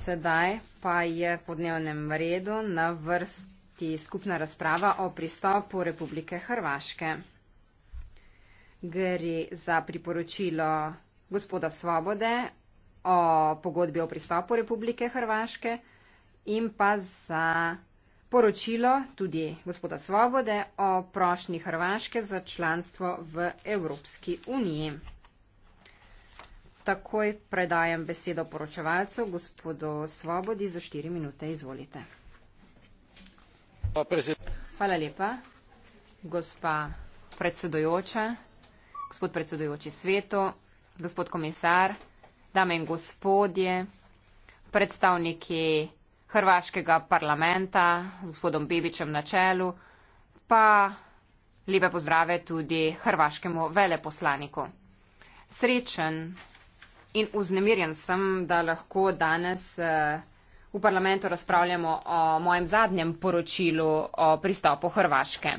Sedaj pa je po dnevnem redu na vrsti skupna razprava o pristopu Republike Hrvaške. Gre za priporočilo gospoda Svobode o pogodbi o pristopu Republike Hrvaške in pa za poročilo tudi gospoda Svobode o prošnji Hrvaške za članstvo v Evropski uniji. Takoj predajam besedo poročevalcu, gospodu Svobodi, za štiri minute izvolite. Hvala lepa, gospa predsedojoča, gospod predsedojoči svetu, gospod komisar, dame in gospodje, predstavniki Hrvaškega parlamenta z gospodom Bebičem na čelu, pa lepe pozdrave tudi Hrvaškemu veleposlaniku. Srečen in vznemirjen sem, da lahko danes eh, v parlamentu razpravljamo o mojem zadnjem poročilu o pristopu Hrvaške.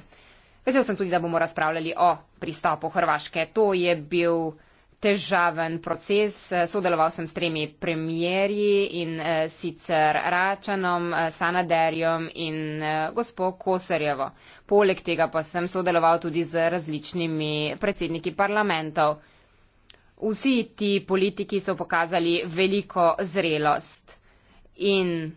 Vesel sem tudi, da bomo razpravljali o pristopu Hrvaške. To je bil težaven proces. Sodeloval sem s tremi premjerji in eh, sicer Račanom, eh, Sanaderjem in gospod Kosarjevo. Poleg tega pa sem sodeloval tudi z različnimi predsedniki parlamentov vsi ti politiki so pokazali veliko zrelost in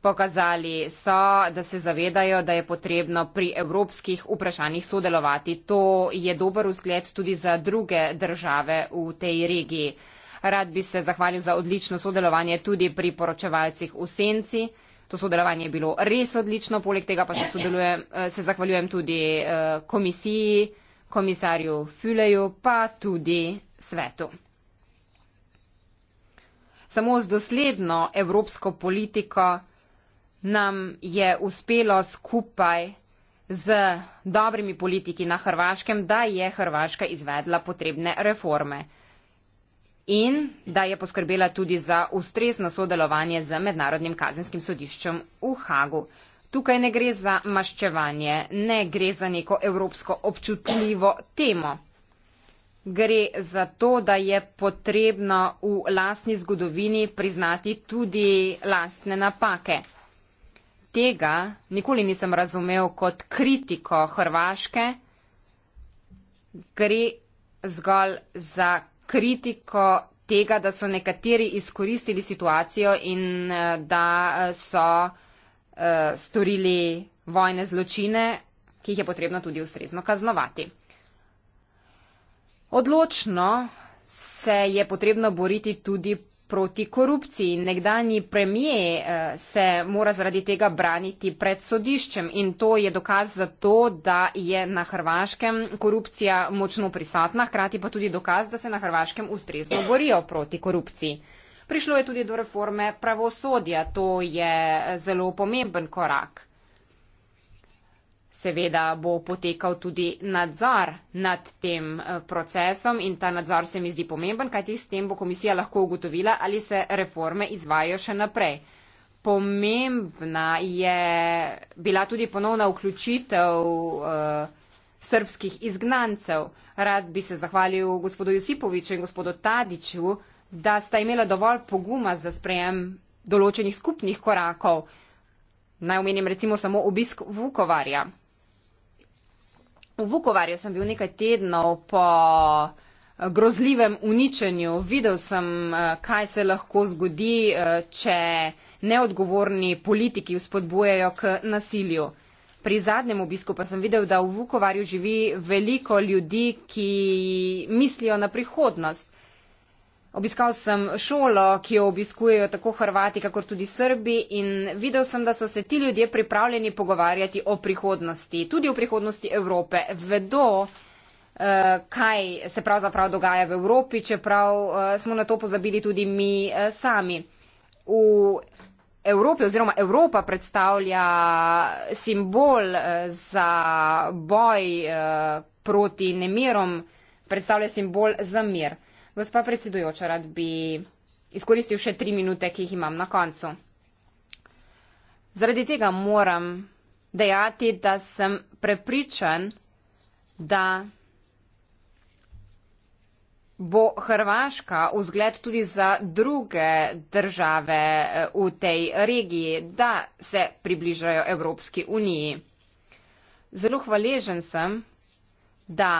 pokazali so, da se zavedajo, da je potrebno pri evropskih vprašanjih sodelovati. To je dober vzgled tudi za druge države v tej regiji. Rad bi se zahvalil za odlično sodelovanje tudi pri poročevalcih v Senci. To sodelovanje je bilo res odlično, poleg tega pa se, eh, se zahvaljujem tudi eh, komisiji, komisarju Füleju, pa tudi svetu. Samo z dosledno evropsko politiko nam je uspelo skupaj z dobrimi politiki na Hrvaškem, da je Hrvaška izvedla potrebne reforme in da je poskrbela tudi za ustrezno sodelovanje z Mednarodnim kazenskim sodiščem v Hagu. Tukaj ne gre za maščevanje, ne gre za neko evropsko občutljivo temo gre za to, da je potrebno v lastni zgodovini priznati tudi lastne napake. Tega nikoli nisem razumel kot kritiko Hrvaške, gre zgolj za kritiko tega, da so nekateri izkoristili situacijo in eh, da eh, so uh, storili vojne zločine, ki jih je potrebno tudi ustrezno kaznovati. Odločno se je potrebno boriti tudi proti korupciji. Nekdani premije eh, se mora zaradi tega braniti pred sodiščem in to je dokaz za to, da je na Hrvaškem korupcija močno prisotna, hkrati pa tudi dokaz, da se na Hrvaškem ustrezno borijo proti korupciji. Prišlo je tudi do reforme pravosodja, to je eh, zelo pomemben korak seveda bo potekal tudi nadzor nad tem eh, procesom in ta nadzor se mi zdi pomemben, kajti s tem bo komisija lahko ugotovila, ali se reforme izvajo še naprej. Pomembna je bila tudi ponovna vključitev uh, eh, srpskih izgnancev. Rad bi se zahvalil gospodu Josipoviču in gospodu Tadiču, da sta imela dovolj poguma za sprejem določenih skupnih korakov. Naj omenim recimo samo obisk Vukovarja. V Vukovarju sem bil nekaj tednov po eh, grozljivem uničenju. Videl sem, eh, kaj se lahko zgodi, eh, če neodgovorni politiki vzpodbujajo k nasilju. Pri zadnjem obisku pa sem videl, da v Vukovarju živi veliko ljudi, ki mislijo na prihodnost. Obiskal sem šolo, ki jo obiskujejo tako Hrvati, kakor tudi Srbi in videl sem, da so se ti ljudje pripravljeni pogovarjati o prihodnosti, tudi o prihodnosti Evrope. Vedo, eh, kaj se pravzaprav dogaja v Evropi, čeprav eh, smo na to pozabili tudi mi eh, sami. V Evropi oziroma Evropa predstavlja simbol za boj proti nemirom, predstavlja simbol za mir. Gospa predsedujoča, rad bi izkoristil še tri minute, ki jih imam na koncu. Zaradi tega moram dejati, da sem prepričan, da bo Hrvaška v zgled tudi za druge države eh, v tej regiji, da se približajo Evropski uniji. Zelo hvaležen sem, da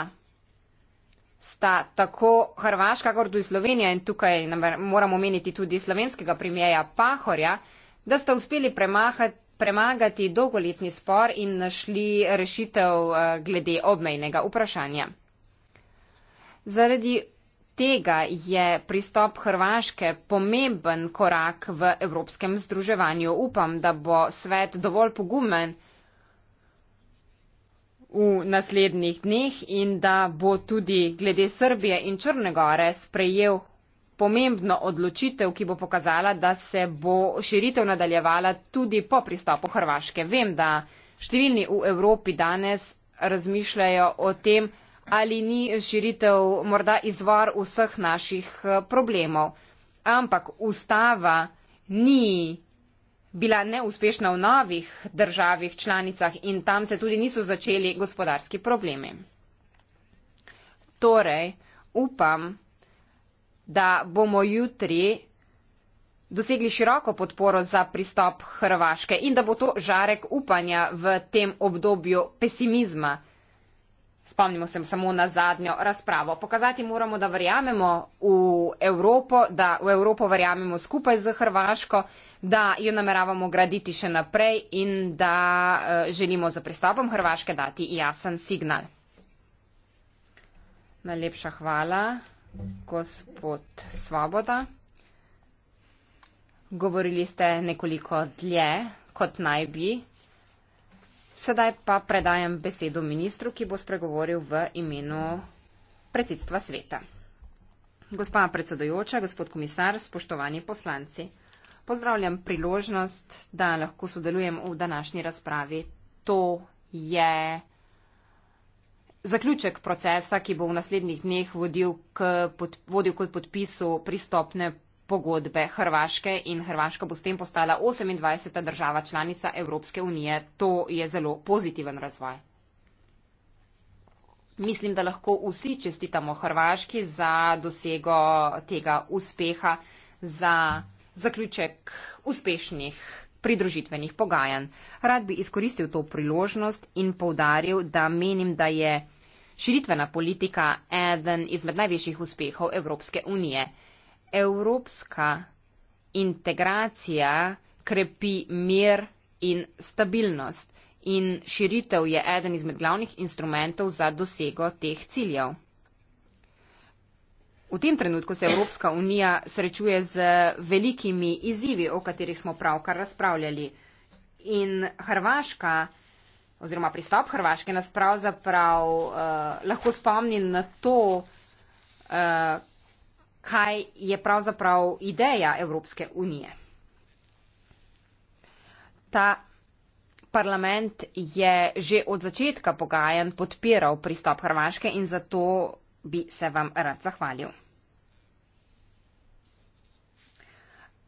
sta tako Hrvaška kot tudi Slovenija in tukaj moramo omeniti tudi slovenskega premijeja Pahorja, da sta uspeli premahati premagati dolgoletni spor in našli rešitev eh, glede obmejnega vprašanja. Zaradi tega je pristop Hrvaške pomemben korak v evropskem združevanju. Upam, da bo svet dovolj pogumen, v naslednjih dneh in da bo tudi glede Srbije in Črnegore sprejel pomembno odločitev, ki bo pokazala, da se bo širitev nadaljevala tudi po pristopu Hrvaške. Vem, da številni v Evropi danes razmišljajo o tem, ali ni širitev morda izvor vseh naših eh, problemov. Ampak ustava ni bila neuspešna v novih državih članicah in tam se tudi niso začeli gospodarski problemi. Torej, upam, da bomo jutri dosegli široko podporo za pristop Hrvaške in da bo to žarek upanja v tem obdobju pesimizma. Spomnimo se samo na zadnjo razpravo. Pokazati moramo, da verjamemo v Evropo, da v Evropo verjamemo skupaj z Hrvaško da jo nameravamo graditi še naprej in da eh, želimo za pristopom Hrvaške dati jasen signal. Najlepša hvala, gospod Svoboda. Govorili ste nekoliko dlje, kot naj bi. Sedaj pa predajam besedo ministru, ki bo spregovoril v imenu predsedstva sveta. Gospa predsedojoča, gospod komisar, spoštovani poslanci pozdravljam priložnost, da lahko sodelujem v današnji razpravi. To je zaključek procesa, ki bo v naslednjih dneh vodil k, pod, vodil k podpisu pristopne pogodbe Hrvaške in Hrvaška bo s tem postala 28. država članica Evropske unije. To je zelo pozitiven razvoj. Mislim, da lahko vsi čestitamo Hrvaški za dosego tega uspeha, za. Mm zaključek uspešnih pridružitvenih pogajanj. Rad bi izkoristil to priložnost in povdaril, da menim, da je širitvena politika eden izmed največjih uspehov Evropske unije. Evropska integracija krepi mir in stabilnost in širitev je eden izmed glavnih instrumentov za dosego teh ciljev. V tem trenutku se Evropska unija srečuje z velikimi izzivi, o katerih smo pravkar razpravljali. In Hrvaška, oziroma pristop Hrvaške nas pravzaprav uh, lahko spomni na to, uh, kaj je pravzaprav ideja Evropske unije. Ta parlament je že od začetka pogajanj podpiral pristop Hrvaške in zato bi se vam rad zahvalil.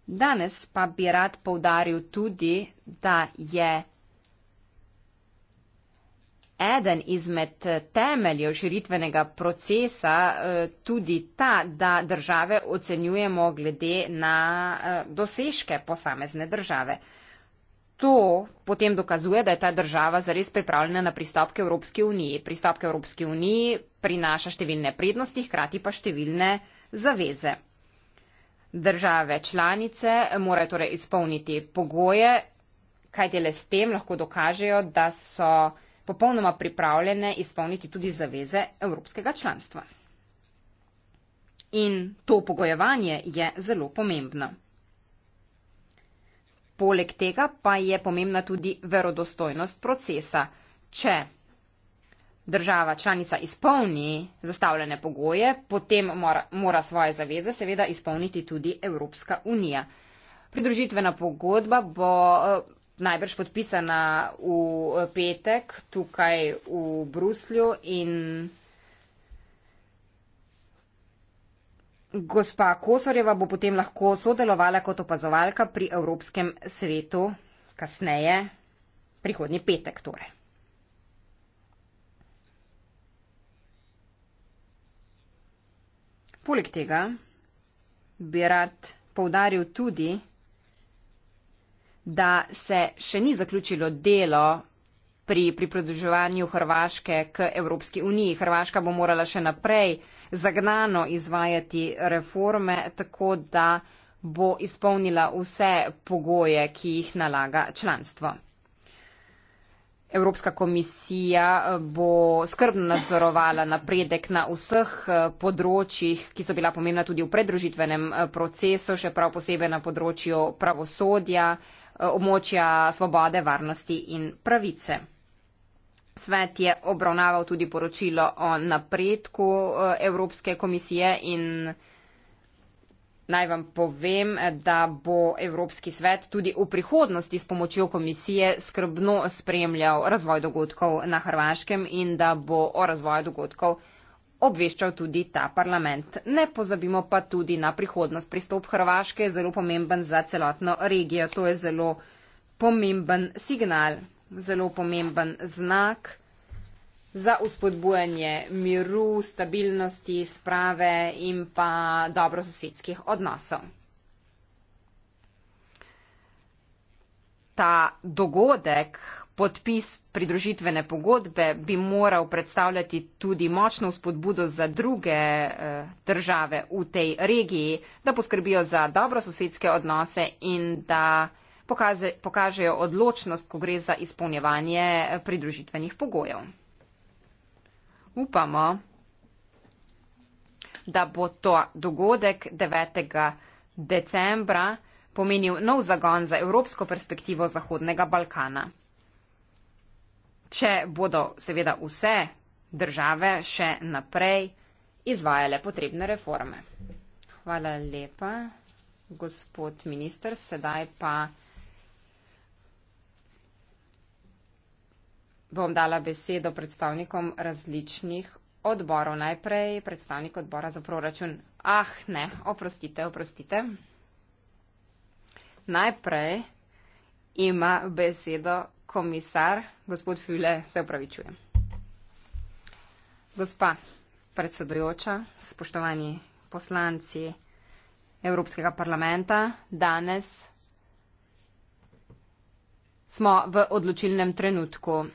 Danes pa bi rad povdaril tudi, da je eden izmed temeljev širitvenega procesa eh, tudi ta, da države ocenjujemo glede na eh, dosežke posamezne države to potem dokazuje, da je ta država zares pripravljena na pristop k Evropski uniji. Pristop k Evropski uniji prinaša številne prednosti, hkrati pa številne zaveze. Države članice morajo torej izpolniti pogoje, kaj dele s tem lahko dokažejo, da so popolnoma pripravljene izpolniti tudi zaveze evropskega članstva. In to pogojevanje je zelo pomembno. Poleg tega pa je pomembna tudi verodostojnost procesa. Če država članica izpolni zastavljene pogoje, potem mora, mora svoje zaveze seveda izpolniti tudi Evropska unija. Pridružitvena pogodba bo eh, najbrž podpisana v eh, petek tukaj v Bruslju in. Gospa Kosoreva bo potem lahko sodelovala kot opazovalka pri Evropskem svetu kasneje, prihodnji petek torej. Poleg tega bi rad poudaril tudi, da se še ni zaključilo delo pri pridruževanju Hrvaške k Evropski uniji. Hrvaška bo morala še naprej zagnano izvajati reforme, tako da bo izpolnila vse pogoje, ki jih nalaga članstvo. Evropska komisija eh, bo skrbno nadzorovala napredek na vseh eh, področjih, ki so bila pomembna tudi v predružitvenem eh, procesu, še prav posebej na področju pravosodja, območja svobode, varnosti in pravice. Svet je obravnaval tudi poročilo o napredku eh, Evropske komisije in naj vam povem, da bo Evropski svet tudi v prihodnosti s pomočjo komisije skrbno spremljal razvoj dogodkov na Hrvaškem in da bo o razvoju dogodkov obveščal tudi ta parlament. Ne pozabimo pa tudi na prihodnost. Pristop Hrvaške je zelo pomemben za celotno regijo. To je zelo pomemben signal zelo pomemben znak za uspodbujanje miru, stabilnosti, sprave in pa dobrososedskih odnosov. Ta dogodek, podpis pridružitvene pogodbe, bi moral predstavljati tudi močno spodbudo za druge eh, države v tej regiji, da poskrbijo za dobrososedske odnose in da pokaze, pokažejo odločnost, ko gre za izpolnjevanje pridružitvenih pogojev. Upamo, da bo to dogodek 9. decembra pomenil nov zagon za evropsko perspektivo Zahodnega Balkana. Če bodo seveda vse države še naprej izvajale potrebne reforme. Hvala lepa, gospod minister. Sedaj pa. bom dala besedo predstavnikom različnih odborov. Najprej predstavnik odbora za proračun. Ah, ne, oprostite, oprostite. Najprej ima besedo komisar, gospod Füle, se upravičujem. Gospa predsedujoča, spoštovani poslanci Evropskega parlamenta, danes smo v odločilnem trenutku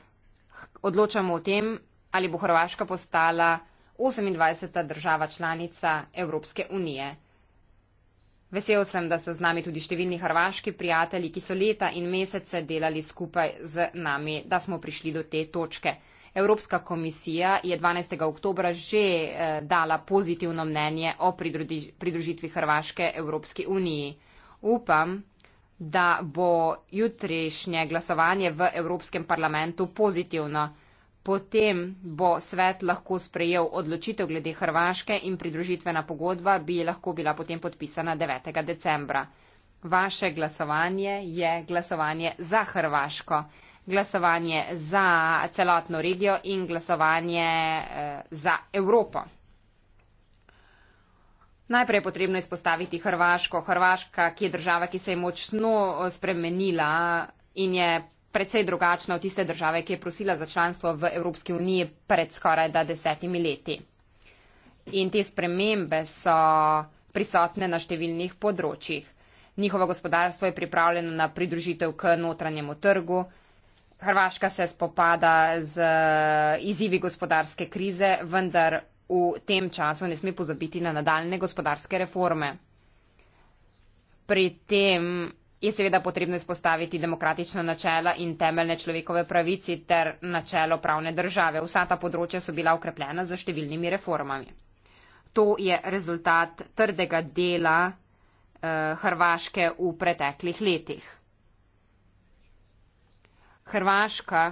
odločamo o tem, ali bo Hrvaška postala 28. država članica Evropske unije. Vesel sem, da so z nami tudi številni hrvaški prijatelji, ki so leta in mesece delali skupaj z nami, da smo prišli do te točke. Evropska komisija je 12. oktober že eh, dala pozitivno mnenje o pridružitvi Hrvaške Evropski uniji. Upam, da bo jutrišnje glasovanje v Evropskem parlamentu pozitivno. Potem bo svet lahko sprejel odločitev glede Hrvaške in pridružitvena pogodba bi lahko bila potem podpisana 9. decembra. Vaše glasovanje je glasovanje za Hrvaško, glasovanje za celotno regijo in glasovanje eh, za Evropo. Najprej je potrebno izpostaviti Hrvaško. Hrvaška, ki je država, ki se je močno eh, spremenila in je predvsej drugačna od tiste države, ki je prosila za članstvo v Evropski uniji pred skoraj desetimi leti. In te spremembe so prisotne na številnih področjih. Njihovo gospodarstvo je pripravljeno na pridružitev k notranjemu trgu. Hrvaška se spopada z eh, izzivi gospodarske krize, vendar v tem času ne sme pozabiti na nadaljne gospodarske reforme. Pri tem je seveda potrebno izpostaviti demokratična načela in temeljne človekove pravici ter načelo pravne države. Vsa ta področja so bila ukrepljena za številnimi reformami. To je rezultat trdega dela eh, Hrvaške v preteklih letih. Hrvaška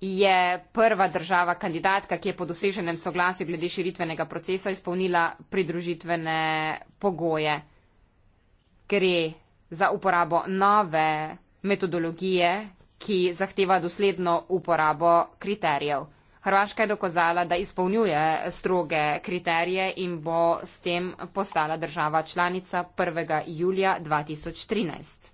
je prva država kandidatka, ki je po doseženem soglasju glede širitvenega procesa izpolnila pridružitvene pogoje. Gre za uporabo nove metodologije, ki zahteva dosledno uporabo kriterijev. Hrvaška je dokazala, da izpolnjuje stroge kriterije in bo s tem postala država članica 1. julija 2013.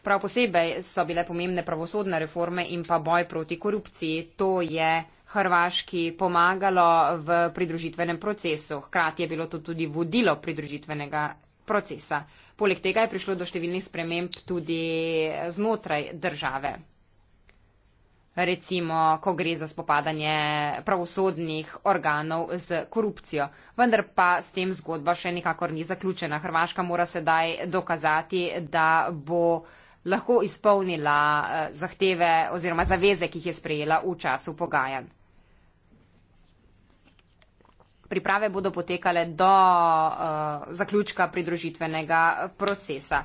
Prav posebej so bile pomembne pravosodne reforme in pa boj proti korupciji. To je Hrvaški pomagalo v pridružitvenem procesu. Hkrati je bilo to tudi vodilo pridružitvenega procesa. Poleg tega je prišlo do številnih sprememb tudi znotraj države. Recimo, ko gre za spopadanje pravosodnih organov z korupcijo. Vendar pa s tem zgodba še nikakor ni zaključena. Hrvaška mora sedaj dokazati, da bo lahko izpolnila eh, zahteve oziroma zaveze, ki jih je sprejela v času pogajanj. Priprave bodo potekale do uh, zaključka pridružitvenega procesa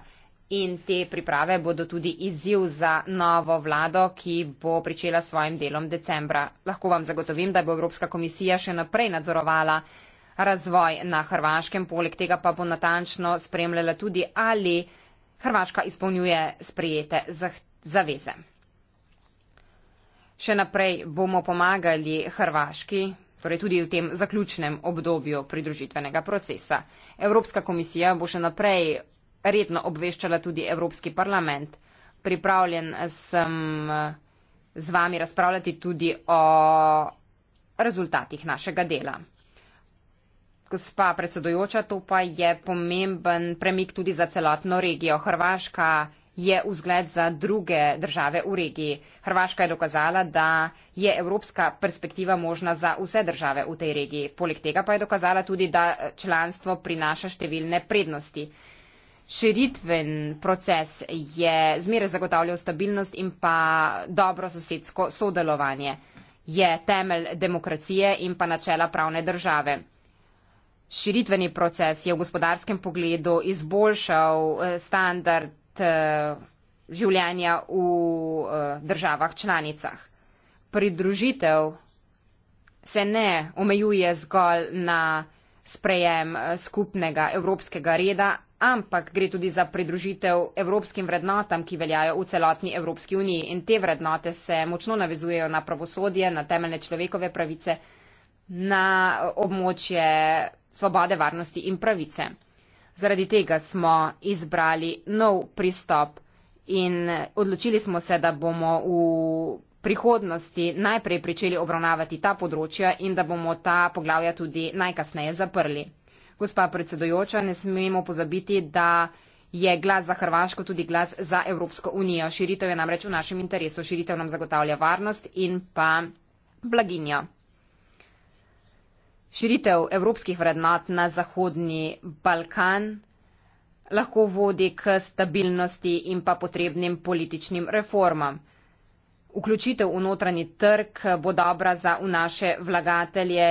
in te priprave bodo tudi izziv za novo vlado, ki bo pričela s svojim delom decembra. Lahko vam zagotovim, da bo Evropska komisija še naprej nadzorovala razvoj na Hrvaškem, poleg tega pa bo natančno spremljala tudi ali. Hrvaška izpolnjuje sprijete zaveze. Še naprej bomo pomagali Hrvaški, torej tudi v tem zaključnem obdobju pridružitvenega procesa. Evropska komisija bo še naprej redno obveščala tudi Evropski parlament. Pripravljen sem eh, z vami razpravljati tudi o rezultatih našega dela gospa predsedujoča, to pa je pomemben premik tudi za celotno regijo. Hrvaška je vzgled za druge države v regiji. Hrvaška je dokazala, da je evropska perspektiva možna za vse države v tej regiji. Poleg tega pa je dokazala tudi, da članstvo prinaša številne prednosti. Širitven proces je zmeraj zagotavljal stabilnost in pa dobro sosedsko sodelovanje. Je temelj demokracije in pa načela pravne države širitveni proces je v gospodarskem pogledu izboljšal eh, standard eh, življenja v eh, državah članicah. Pridružitev se ne omejuje zgolj na sprejem skupnega evropskega reda, ampak gre tudi za pridružitev evropskim vrednotam, ki veljajo v celotni Evropski uniji. In te vrednote se močno navezujejo na pravosodje, na temeljne človekove pravice, na območje svobode, varnosti in pravice. Zaradi tega smo izbrali nov pristop in odločili smo se, da bomo v prihodnosti najprej pričeli obravnavati ta področja in da bomo ta poglavja tudi najkasneje zaprli. Gospa predsedojoča, ne smemo pozabiti, da je glas za Hrvaško tudi glas za Evropsko unijo. Širitev je namreč v našem interesu. Širitev nam zagotavlja varnost in pa blaginjo širitev evropskih vrednot na Zahodni Balkan lahko vodi k stabilnosti in pa potrebnim političnim reformam. Vključitev v notranji trg bo dobra za naše vlagatelje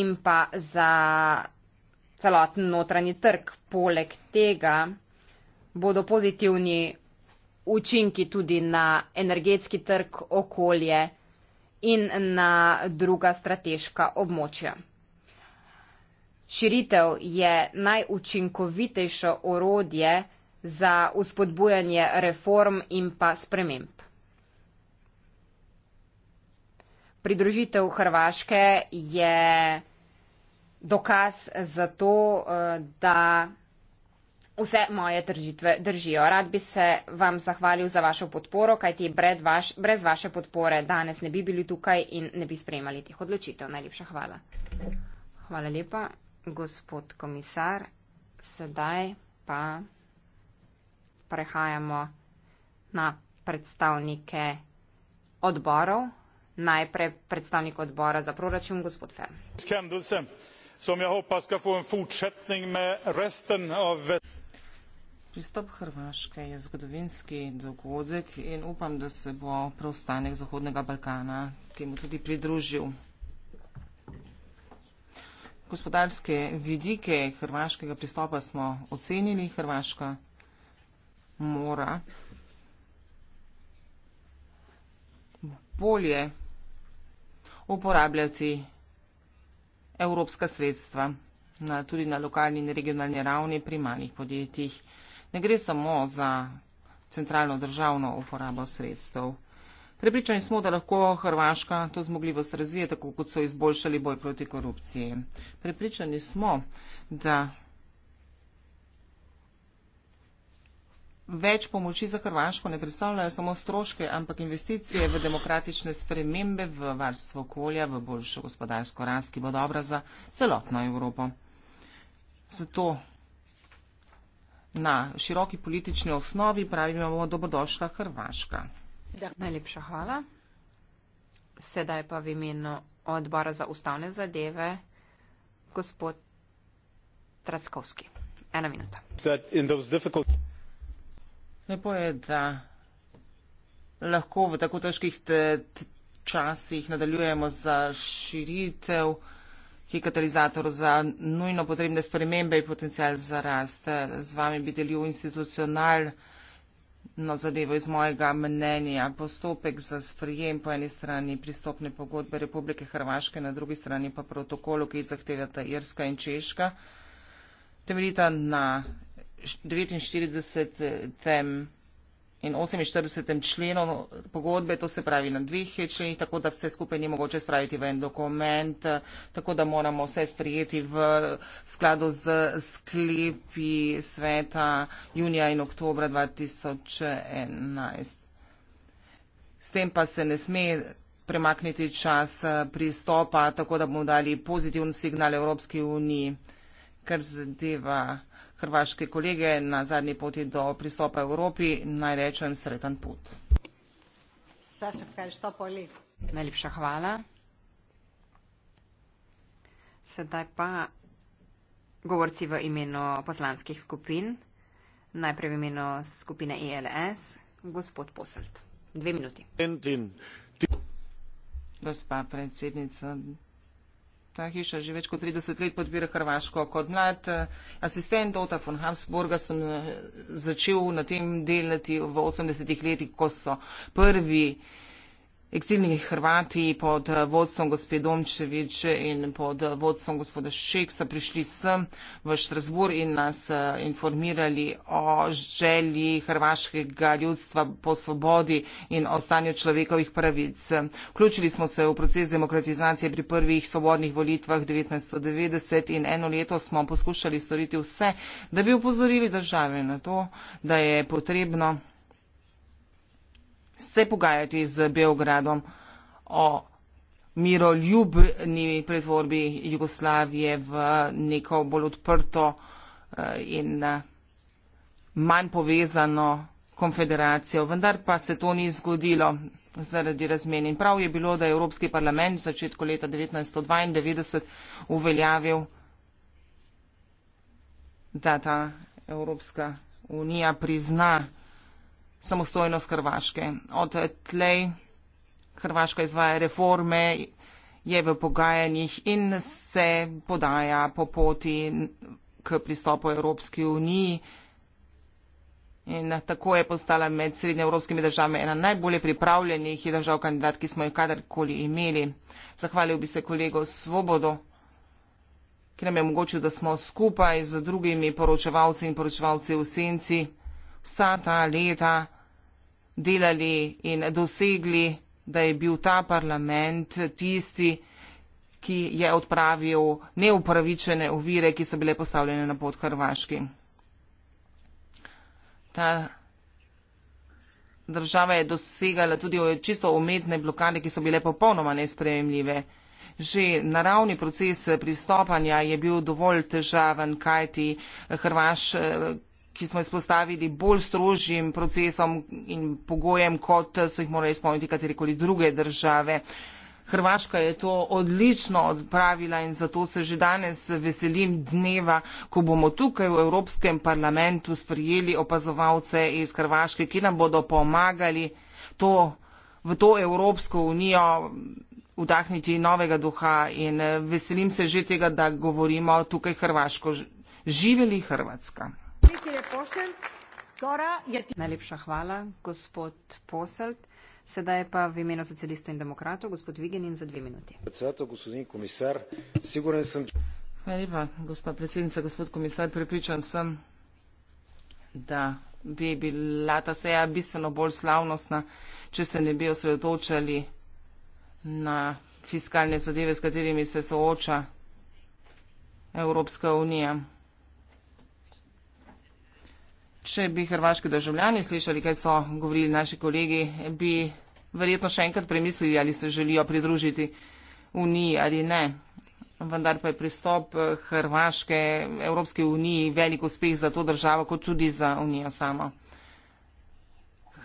in pa za celoten notranji trg. Poleg tega bodo pozitivni učinki tudi na energetski trg, okolje in na druga strateška območja. Širitev je najučinkovitejše orodje za uspodbujanje reform in pa sprememb. Pridružitev Hrvaške je dokaz za to, eh, da vse moje tržitve držijo. Rad bi se vam zahvalil za vašo podporo, kajti brez, vaš, brez vaše podpore danes ne bi bili tukaj in ne bi sprejemali teh odločitev. Najlepša hvala. Hvala lepa gospod komisar, sedaj pa prehajamo na predstavnike odborov. Najprej predstavnik odbora za proračun, gospod Fer. Ja Pristop Hrvaške je zgodovinski dogodek in upam, da se bo preostanek Zahodnega Balkana temu tudi pridružil gospodarske vidike hrvaškega pristopa smo ocenili. Hrvaška mora bolje uporabljati evropska sredstva na, tudi na lokalni in regionalni ravni pri malih podjetjih. Ne gre samo za centralno državno uporabo sredstev. Prepričani smo, da lahko Hrvaška to zmogljivost razvije, tako kot so izboljšali boj proti korupciji. Prepričani smo, da več pomoči za Hrvaško ne predstavljajo samo stroške, ampak investicije v demokratične spremembe, v varstvo okolja, v boljšo gospodarsko rast, ki bo dobra za celotno Evropo. Zato na široki politični osnovi pravimo dobrodošla Hrvaška. Najlepša hvala. Sedaj pa v imenu odbora za ustavne zadeve gospod Traskovski. Ena minuta. Lepo je, da lahko v tako težkih časih nadaljujemo za širitev hikatalizatorov za nujno potrebne spremembe in potencial za rast. Z vami bi delil institucionalno na zadevo iz mojega mnenja. Postopek za sprijem po eni strani pristopne pogodbe Republike Hrvaške, na drugi strani pa protokolu, ki jih zahtevata Irska in Češka, temeljita na 49 in 48. členu pogodbe, to se pravi na dveh členih, tako da vse skupaj ni mogoče spraviti v en dokument, tako da moramo vse sprijeti v skladu z sklepi sveta junija in oktobra 2011. S tem pa se ne sme premakniti čas eh, pristopa, tako da bomo dali pozitivni signal Evropski uniji, kar zadeva hrvaške kolege na zadnji poti do pristopa Evropi. Naj rečem sreten put. Najlepša hvala. Sedaj pa govorci v imenu poslanskih skupin. Najprej v imenu skupine ILS, e gospod Poselt. Dve minuti. Gospa predsednica, ta hiša že več kot 30 let podpira Hrvaško. Kot mlad eh, asistent Ota von Habsburga sem eh, začel na tem delati v 80-ih letih, ko so prvi. Eksilni Hrvati pod vodstvom gospe Domčevič in pod vodstvom gospoda Šeksa prišli sem v Štrasbur in nas eh, informirali o želji hrvaškega ljudstva po svobodi in o stanju človekovih pravic. Vključili smo se v proces demokratizacije pri prvih svobodnih volitvah 1990 in eno leto smo poskušali storiti vse, da bi upozorili države na to, da je potrebno se pogajati z Beogradom o miroljubni pretvorbi Jugoslavije v neko bolj odprto eh, in eh, manj povezano konfederacijo. Vendar pa se to ni zgodilo zaradi razmen. In prav je bilo, da je Evropski parlament v začetku leta 1992 uveljavil, da ta Evropska unija prizna samostojnost Hrvaške. Od tlej Hrvaška izvaja reforme, je v pogajanjih in se podaja po poti k pristopu Evropski uniji. In tako je postala med srednje evropskimi državami ena najbolje pripravljenih držav kandidat, ki smo jih kadarkoli imeli. Zahvalil bi se kolego Svobodo, ki nam je omogočil, da smo skupaj z drugimi poročevalci in poročevalci v senci vsa ta leta delali in dosegli, da je bil ta parlament tisti, ki je odpravil neupravičene ovire, ki so bile postavljene na pot Hrvaški. Ta država je dosegala tudi čisto umetne blokade, ki so bile popolnoma nespremljive. Že naravni proces pristopanja je bil dovolj težaven, kajti Hrvaš, ki smo izpostavili, bolj strožjim procesom in pogojem, kot so jih morali izpolniti katerikoli druge države. Hrvaška je to odlično odpravila in zato se že danes veselim dneva, ko bomo tukaj v Evropskem parlamentu sprijeli opazovalce iz Hrvaške, ki nam bodo pomagali to, v to Evropsko unijo vdahniti novega duha in veselim se že tega, da govorimo tukaj Hrvaško. Živeli Hrvatska! Najlepša hvala, gospod Poselt. Sedaj pa v imenu socialistov in demokratov, gospod Viginin, za dve minuti. Najlepša, gospa predsednica, gospod komisar, pripričan sem, da bi bila ta seja bistveno bolj slavnostna, če se ne bi osredotočali na fiskalne zadeve, s katerimi se sooča Evropska unija. Če bi hrvaški državljani slišali, kaj so govorili naši kolegi, bi verjetno še enkrat premislili, ali se želijo pridružiti Uniji ali ne. Vendar pa je pristop eh, Hrvaške Evropske unije velik uspeh za to državo, kot tudi za Unijo samo.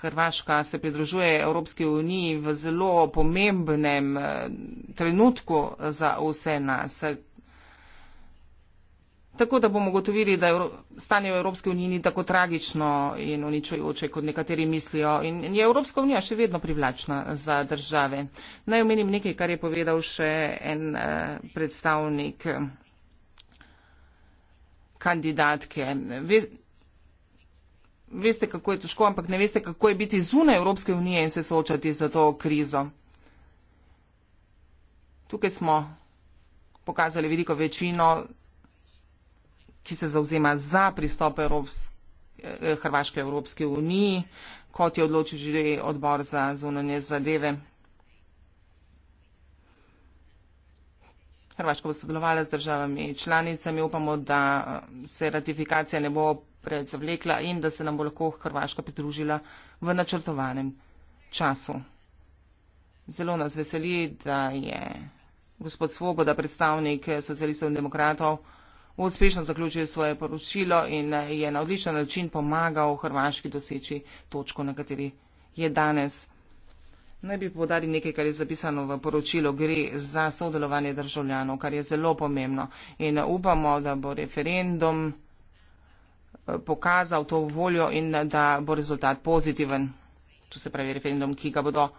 Hrvaška se pridružuje Evropske unije v zelo pomembnem eh, trenutku za vse nas tako da bomo gotovili, da stanje v Evropski uniji ni tako tragično in uničujoče, kot nekateri mislijo. In je Evropska unija še vedno privlačna za države. Naj omenim nekaj, kar je povedal še en eh, predstavnik eh, kandidatke. Veste, kako je težko, ampak ne veste, kako je biti zunaj Evropske unije in se soočati za to krizo. Tukaj smo pokazali veliko večino ki se zauzema za pristop eh, Hrvaške Evropske unije, kot je odločil že odbor za zunanje zadeve. Hrvaška bo sodelovala z državami članicami. Upamo, da eh, se ratifikacija ne bo predzavlekla in da se nam bo lahko Hrvaška pridružila v načrtovanem času. Zelo nas veseli, da je gospod Svoboda, predstavnik socialistov in demokratov, uspešno zaključil svoje poročilo in eh, je na odličen način pomagal Hrvaški doseči točko, na kateri je danes. Naj bi povdali nekaj, kar je zapisano v poročilu. Gre za sodelovanje državljanov, kar je zelo pomembno. In eh, upamo, da bo referendum eh, pokazal to voljo in da bo rezultat pozitiven. To se pravi referendum, ki ga bodo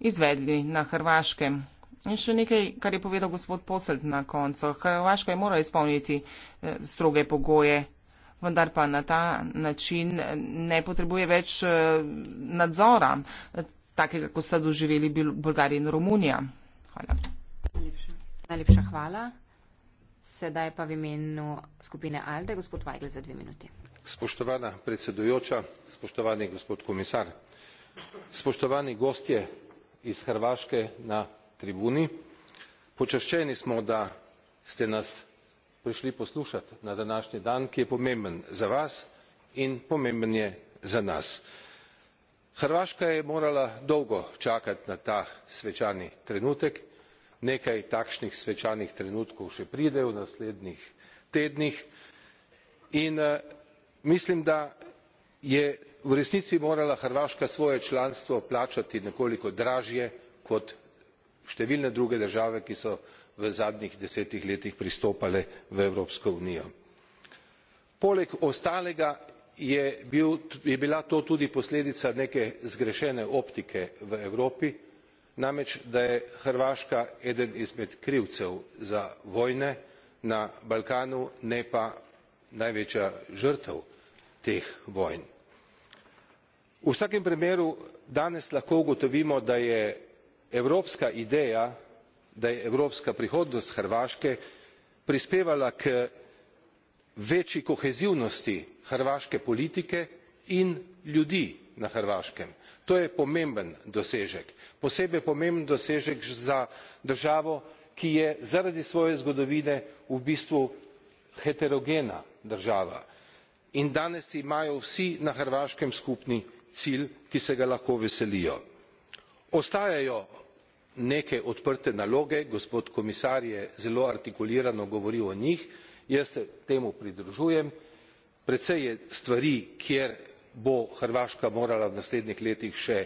izvedli na Hrvaškem. In še nekaj, kar je povedal gospod Poselt na koncu. Hrvaška je mora izpolniti eh, stroge pogoje, vendar pa na ta način eh, ne potrebuje več eh, nadzora, takega, kot sta doživeli Bolgarija in Romunija. Hvala. Najlepša, Najlepša hvala. Sedaj pa v imenu skupine Alde, gospod Vajgl za dve minuti. Spoštovana predsedujoča, spoštovani gospod komisar, spoštovani gostje iz Hrvaške na tribuni počaščeni smo da ste nas prišli poslušat na današnji dan ki je pomemben za vas in pomemben je za nas hrvaška je morala dolgo čakati na ta svečani trenutek nekaj takšnih svečanih trenutkov še pride v naslednjih tednih in eh, mislim da je v resnici morala hrvaška svoje članstvo plačati nekoliko dražje kot številne druge države ki so v zadnjih desetih letih pristopale v evropsko unijo. poleg ostalega je bila to tudi posledica neke zgrešene optike v evropi namreč da je hrvaška eden izmed krivcev za vojne na balkanu ne pa največja žrtev teh vojn. v vsakem primeru danes lahko ugotovimo da je evropska ideja da je evropska prihodnost hrvaške prispevala k večji kohezivnosti hrvaške politike in ljudi na hrvaškem. to je pomemben dosežek posebej pomemben dosežek za državo ki je zaradi svoje zgodovine v bistvu heterogena država in danes imajo vsi na hrvaškem skupni cilj ki se ga lahko veselijo ostajajo neke odprte naloge gospod komisar je zelo artikulirano govoril o njih jaz se temu pridružujem precej je stvari kjer bo hrvaška morala v naslednjih letih še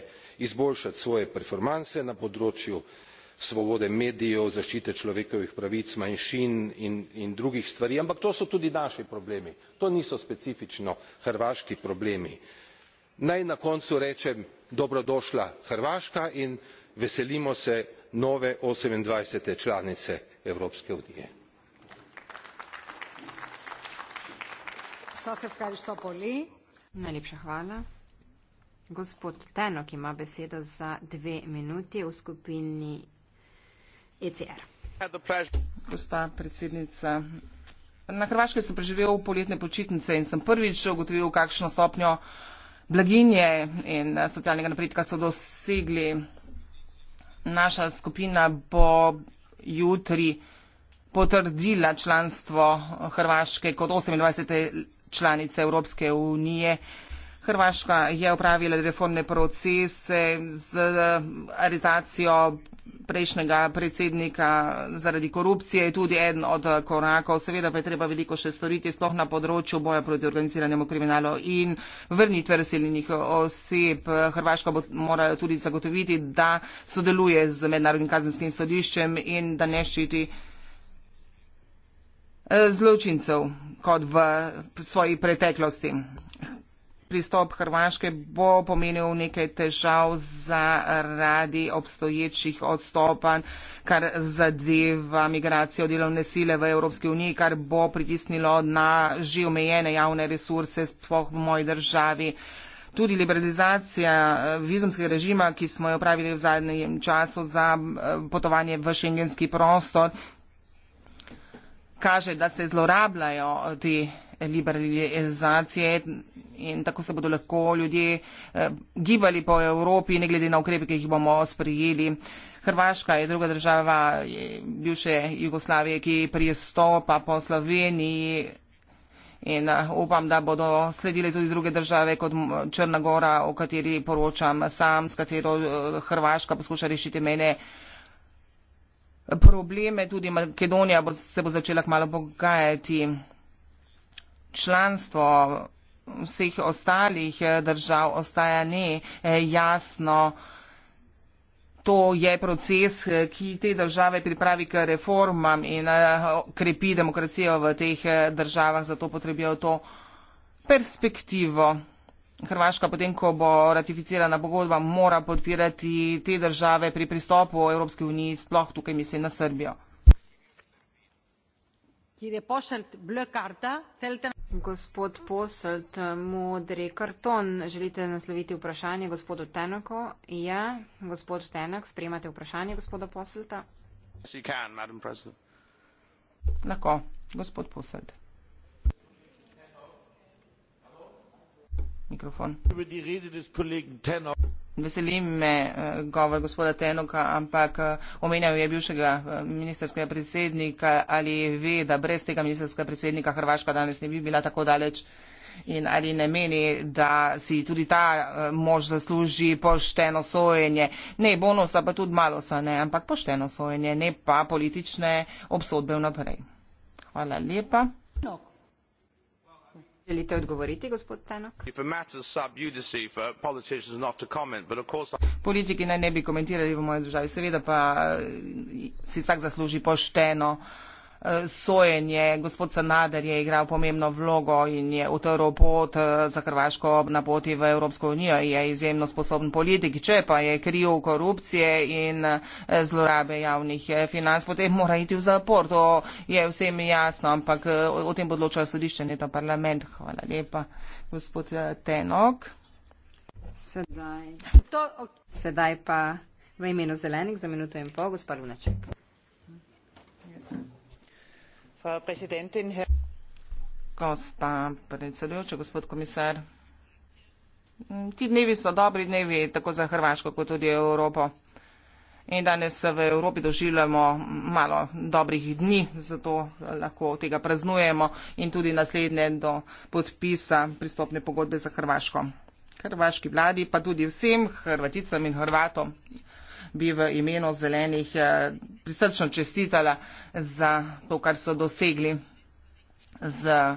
izboljšati svoje performanse na področju svobode medijev zaščite človekovih pravic manjšin in in drugih stvari ampak to so tudi naši problemi to niso specifično hrvaški problemi naj na koncu rečem dobrodošla hrvaška in veselimo se nove osemindvajset članice evropske unije. E gospa predsednica na hrvaškem sem preživel poletne počitnice in sem prvič ugotovil kakšno stopnjo blaginje in eh, socialnega napredka so dosegli. Naša skupina bo jutri potrdila članstvo Hrvaške kot 28. članice Evropske unije. Hrvaška je upravila reformne procese z eh, aretacijo prejšnjega predsednika zaradi korupcije, tudi eden od eh, korakov. Seveda pa je treba veliko še storiti, sploh na področju boja proti organiziranemu kriminalu in vrnitve razseljenih oseb. Hrvaška bo morala tudi zagotoviti, da sodeluje z mednarodnim kazenskim sodiščem in da ne ščiti eh, zločincev kot v svoji preteklosti pristop Hrvaške bo pomenil nekaj težav zaradi obstoječih odstopanj, kar zadeva migracijo delovne sile v Evropski uniji, kar bo pritisnilo na že omejene javne resurse sploh v moji državi. Tudi liberalizacija eh, vizumskega režima, ki smo jo pravili v zadnjem času za eh, potovanje v šengenski prostor, kaže, da se zlorabljajo ti liberalizacije in tako se bodo lahko ljudje eh, gibali po Evropi, ne glede na ukrepe, ki jih bomo sprijeli. Hrvaška je druga država bivše Jugoslavije, ki pristopa po Sloveniji in eh, upam, da bodo sledile tudi druge države kot Črna Gora, o kateri poročam sam, s katero eh, Hrvaška poskuša rešiti mene. Probleme tudi Makedonija bo, se bo začela kmalo pogajati članstvo vseh ostalih eh, držav ostaja nejasno. To je proces, eh, ki te države pripravi k reformam in eh, krepi demokracijo v teh državah, zato potrebijo to perspektivo. Hrvaška potem, ko bo ratificirana pogodba, mora podpirati te države pri pristopu Evropske unije, sploh tukaj mislim na Srbijo gospod posselt modri karton želite nasloviti vprašanje gospodu tenaku ja gospod tenak sprejemate vprašanje gospoda posselta yes, can, lahko gospod posselt mikrofon Veselim me eh, govor gospoda Tenoka, ampak eh, omenjal je bivšega eh, ministerskega predsednika ali ve, da brez tega ministerskega predsednika Hrvaška danes ne bi bila tako daleč in ali ne meni, da si tudi ta mož zasluži pošteno sojenje. Ne bonusa, pa tudi malo sa ne, ampak pošteno sojenje, ne pa politične obsodbe vnaprej. Hvala lepa. Tenok. Želite odgovoriti, gospod Tenok? Politiki naj ne bi komentirali v moji državi, seveda pa eh, si vsak zasluži pošteno sojenje. Gospod Sanader je igral pomembno vlogo in je utrl pot eh, za Hrvaško na poti v Evropsko unijo in je izjemno sposoben politik. Če pa je kriv korupcije in eh, zlorabe javnih eh, financ, potem mora iti v zapor. To je vsem jasno, ampak o tem odloča sodišče, ne ta parlament. Hvala lepa, gospod Tenok. Sedaj, to, ok. Sedaj pa v imenu zelenih za minuto in pol, gospod Lunaček gospa predsedujoča, gospod komisar. Mm, ti dnevi so dobri dnevi tako za Hrvaško kot tudi Evropo. In danes v Evropi doživljamo malo dobrih dni, zato lahko tega praznujemo in tudi naslednje do podpisa pristopne pogodbe za Hrvaško. Hrvaški vladi pa tudi vsem Hrvaticam in Hrvatom bi v imenu zelenih eh, prisrčno čestitala za to, kar so dosegli z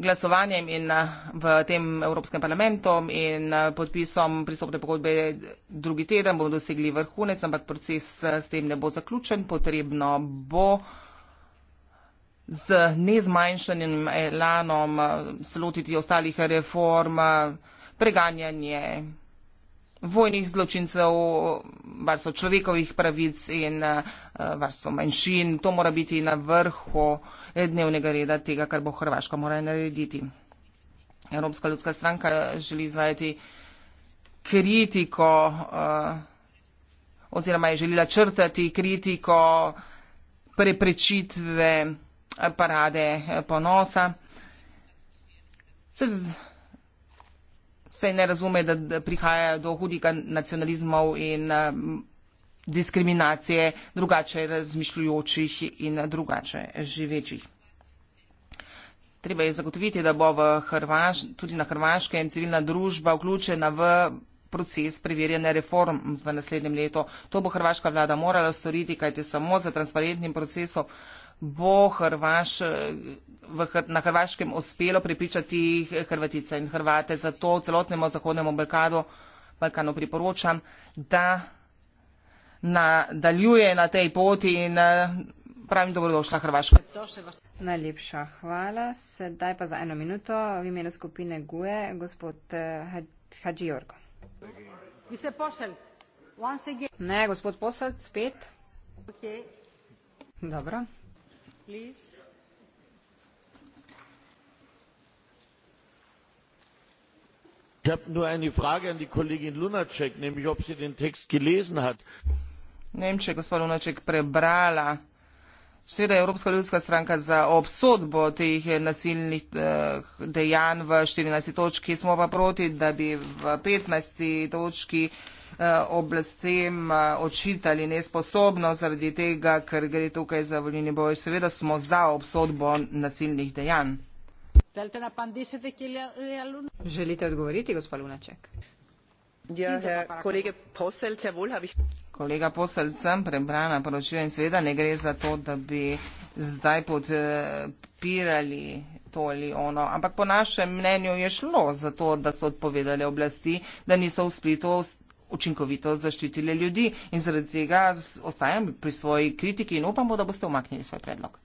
glasovanjem in eh, v tem Evropskem parlamentu in eh, podpisom pristopne pogodbe drugi teden bomo dosegli vrhunec, ampak proces s tem ne bo zaključen. Potrebno bo z nezmanjšanjem elanom slotiti ostalih reform, preganjanje vojnih zločincev, varstvo človekovih pravic in eh, varstvo manjšin. To mora biti na vrhu eh, dnevnega reda tega, kar bo Hrvaška morala narediti. Evropska ljudska stranka želi izvajati kritiko eh, oziroma je želela črtati kritiko preprečitve parade ponosa. Se z, se ne razume, da prihaja do hudega nacionalizmov in um, diskriminacije drugače razmišljujočih in drugače živečih. Treba je zagotoviti, da bo Hrvaš, tudi na Hrvaškem civilna družba vključena v proces preverjene reform v naslednjem letu. To bo hrvaška vlada morala storiti, kajte samo za transparentnim procesom bo Hrvaš, v, na Hrvaškem uspelo pripričati Hrvatice in Hrvate. Zato celotnemu Zahodnemu Balkanu, Balkanu priporočam, da nadaljuje na tej poti in pravim dobrodošla Hrvaška. Najlepša hvala. Sedaj pa za eno minuto v imenu skupine GUE, gospod Hadži Jorko. Ne, gospod Posad, spet. Okay. Dobro. Ich habe nur eine Frage an die Kollegin Lunacek, nämlich ob sie den Text gelesen hat. Nemček, gospod Lunacek, prebrala. Seveda je Evropska ljudska stranka za obsodbo teh nasilnih eh, dejanj v 14. točki, smo pa proti, da bi v 15. točki. Eh, oblastem eh, očitali nesposobno zaradi tega, ker gre tukaj za volilni boj. Seveda smo za obsodbo nasilnih dejanj. Želite odgovoriti, gospod Lunaček? Ja, ja, Kolega Posel, sem prebrana poročila in seveda ne gre za to, da bi zdaj podpirali to ali ono. Ampak po našem mnenju je šlo za to, da so odpovedali oblasti, da niso v splitu učinkovito zaščitile ljudi in zaradi tega ostajam pri svoji kritiki in upamo, da boste umaknili svoj predlog.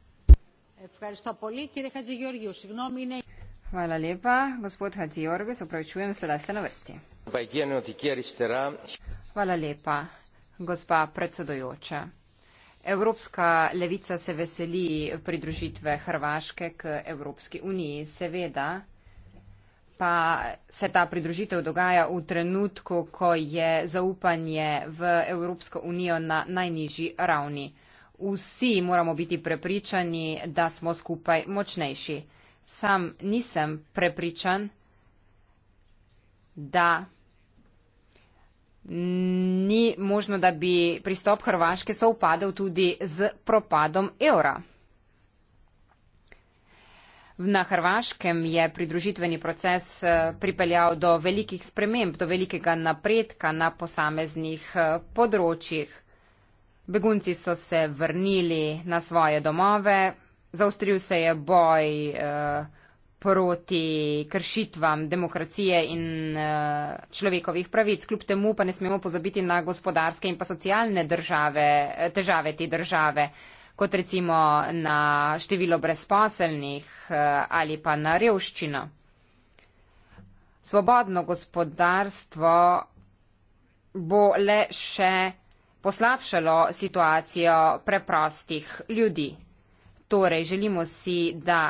Hvala lepa, gospod Hadzi Jorges, opravičujem se, da ste na vrsti. Hvala lepa, gospa predsedojoča. Evropska levica se veseli pridružitve Hrvaške k Evropski uniji, seveda pa se ta pridružitev dogaja v trenutku, ko je zaupanje v Evropsko unijo na najnižji ravni. Vsi moramo biti prepričani, da smo skupaj močnejši. Sam nisem prepričan, da ni možno, da bi pristop Hrvaške soupadal tudi z propadom evra. Na Hrvaškem je pridružitveni proces eh, pripeljal do velikih sprememb, do velikega napredka na posameznih eh, področjih. Begunci so se vrnili na svoje domove, zaostril se je boj eh, proti kršitvam demokracije in človekovih pravic. Kljub temu pa ne smemo pozabiti na gospodarske in pa socialne države, težave te države kot recimo na število brezposelnih eh, ali pa na revščino. Svobodno gospodarstvo bo le še poslabšalo situacijo preprostih ljudi. Torej, želimo si, da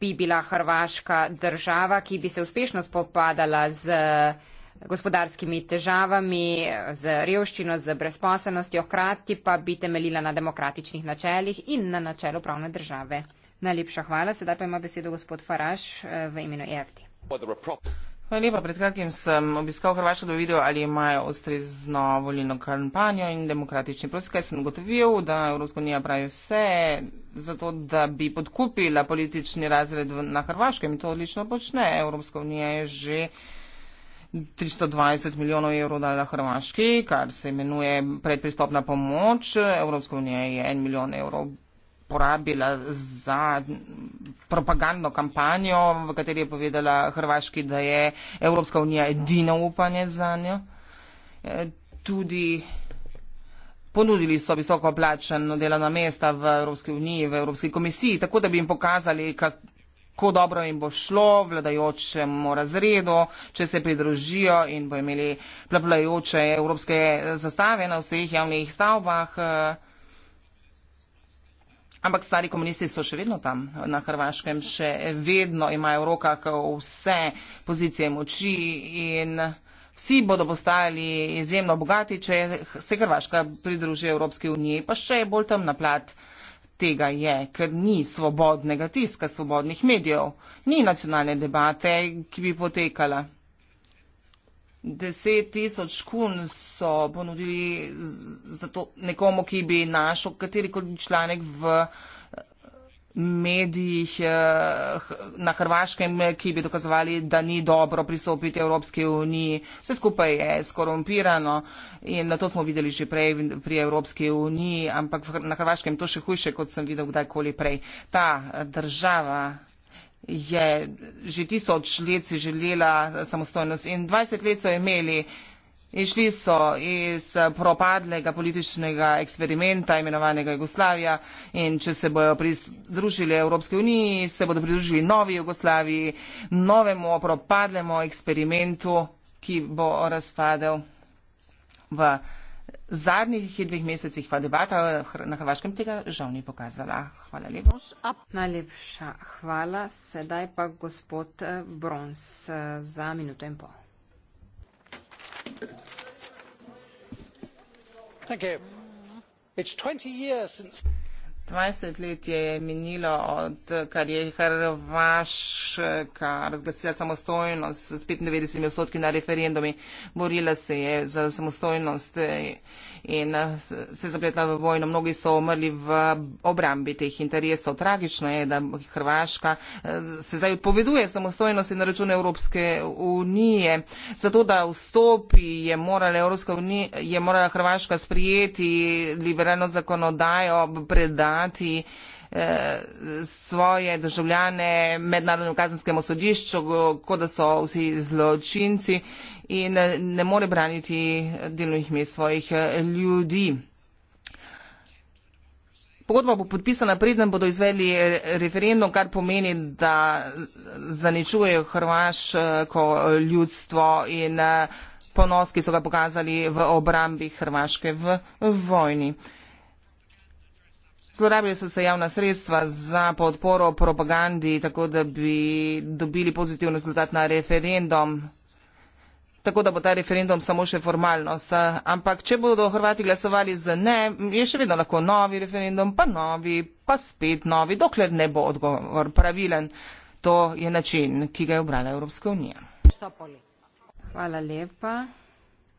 bi bila Hrvaška država, ki bi se uspešno spopadala z gospodarskimi težavami, z revščino, z brezposelnostjo, hkrati pa bi temeljila na demokratičnih načeljih in na načelu pravne države. Najlepša hvala, sedaj pa ima besedo gospod Faraš eh, v imenu EFT. Hvala lepa, pred kratkim sem obiskal Hrvaško, da bi videl, ali imajo ustrezno volilno kampanjo in demokratični proces. Kaj sem ugotovil, da Evropska unija pravi vse zato, da bi podkupila politični razred na Hrvaškem in to odlično počne. Evropska unija je že 320 milijonov evrov dala Hrvaški, kar se imenuje predpristopna pomoč. Evropska unija je en milijon evrov porabila za propagandno kampanjo, v kateri je povedala Hrvaški, da je Evropska unija edino upanje za njo. E, tudi ponudili so visoko plačeno delovna mesta v Evropski uniji, v Evropski komisiji, tako da bi jim pokazali, kako kako dobro jim bo šlo, vladajočemu razredu, če se pridružijo in bo imeli plavajoče evropske zastave na vseh javnih stavbah. Ampak stari komunisti so še vedno tam na Hrvaškem, še vedno imajo v rokah vse pozicije moči in vsi bodo postali izjemno bogati, če se Hrvaška pridruži Evropski uniji, pa še bolj tam na plat tega je, ker ni svobodnega tiska, svobodnih medijev, ni nacionalne debate, ki bi potekala. Deset tisoč kun so ponudili za to nekomu, ki bi našel katerikoli članek v uh, medijih eh, na Hrvaškem, ki bi dokazovali, da ni dobro pristopiti Evropski uniji. Vse skupaj je skorumpirano in na to smo videli že prej pri Evropski uniji, ampak na Hrvaškem to še hujše, kot sem videl kdajkoli prej. Ta država je že tisoč let si želela samostojnost in 20 let so imeli Išli so iz propadlega političnega eksperimenta imenovanega Jugoslavija in če se bodo pridružili Evropske unije, se bodo pridružili novi Jugoslaviji, novemu propadlemu eksperimentu, ki bo razpadel v zadnjih dveh mesecih, pa debata na Hrvaškem tega žal ni pokazala. Hvala lepa. Najlepša hvala. Sedaj pa gospod Brons za minuto in pol it is twenty years since the first world war. 20 let je minilo od kar je Hrvaška razglasila samostojnost s 95 odstotki na referendumi. Borila se je za samostojnost eh, in eh, se zapletla v vojno. Mnogi so umrli v obrambi teh interesov. Tragično je, da Hrvaška eh, se zdaj odpoveduje samostojnost in na račun Evropske unije. Zato, da vstopi, je morala, Evropska unija, je morala Hrvaška sprijeti liberalno zakonodajo predan pripeljati eh, svoje državljane mednarodnemu kazenskemu sodišču, kot da so vsi zločinci in eh, ne more braniti delovnih mest svojih eh, ljudi. Pogodba bo podpisana, preden bodo izvedli referendum, kar pomeni, da zaničujejo hrvaško ljudstvo in ponos, ki so ga pokazali v obrambi Hrvaške v vojni. Zlorabili so se javna sredstva za podporo propagandi, tako da bi dobili pozitivni rezultat na referendum. Tako da bo ta referendum samo še formalnost. Ampak, če bodo Hrvati glasovali za ne, je še vedno lahko novi referendum, pa novi, pa spet novi, dokler ne bo odgovor pravilen. To je način, ki ga je obrala Evropska unija. Hvala lepa.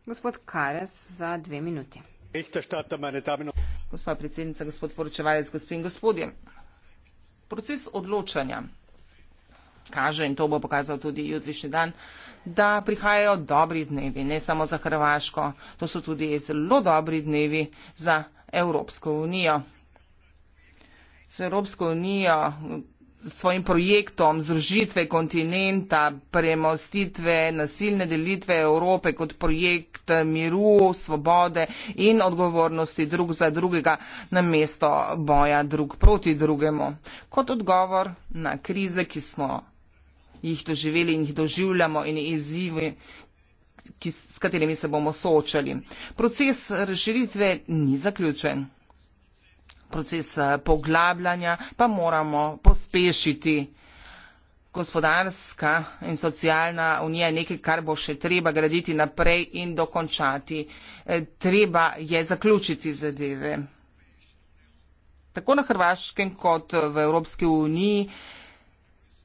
Gospod Kares za dve minuti. Gospa predsednica, gospod poročevalec, gospe in gospodje. Proces odločanja kaže, in to bo pokazal tudi jutrišnji dan, da prihajajo dobri dnevi, ne samo za Hrvaško, to so tudi zelo dobri dnevi za Evropsko unijo. Z Evropsko unijo, svojim projektom združitve kontinenta, premostitve nasilne delitve Evrope kot projekt miru, svobode in odgovornosti drug za drugega na mesto boja drug proti drugemu. Kot odgovor na krize, ki smo jih doživeli in jih doživljamo in izzivi, ki, s katerimi se bomo soočali. Proces razširitve ni zaključen proces poglabljanja, pa moramo pospešiti. Gospodarska in socialna unija je nekaj, kar bo še treba graditi naprej in dokončati. E, treba je zaključiti zadeve. Tako na Hrvaškem kot v Evropski uniji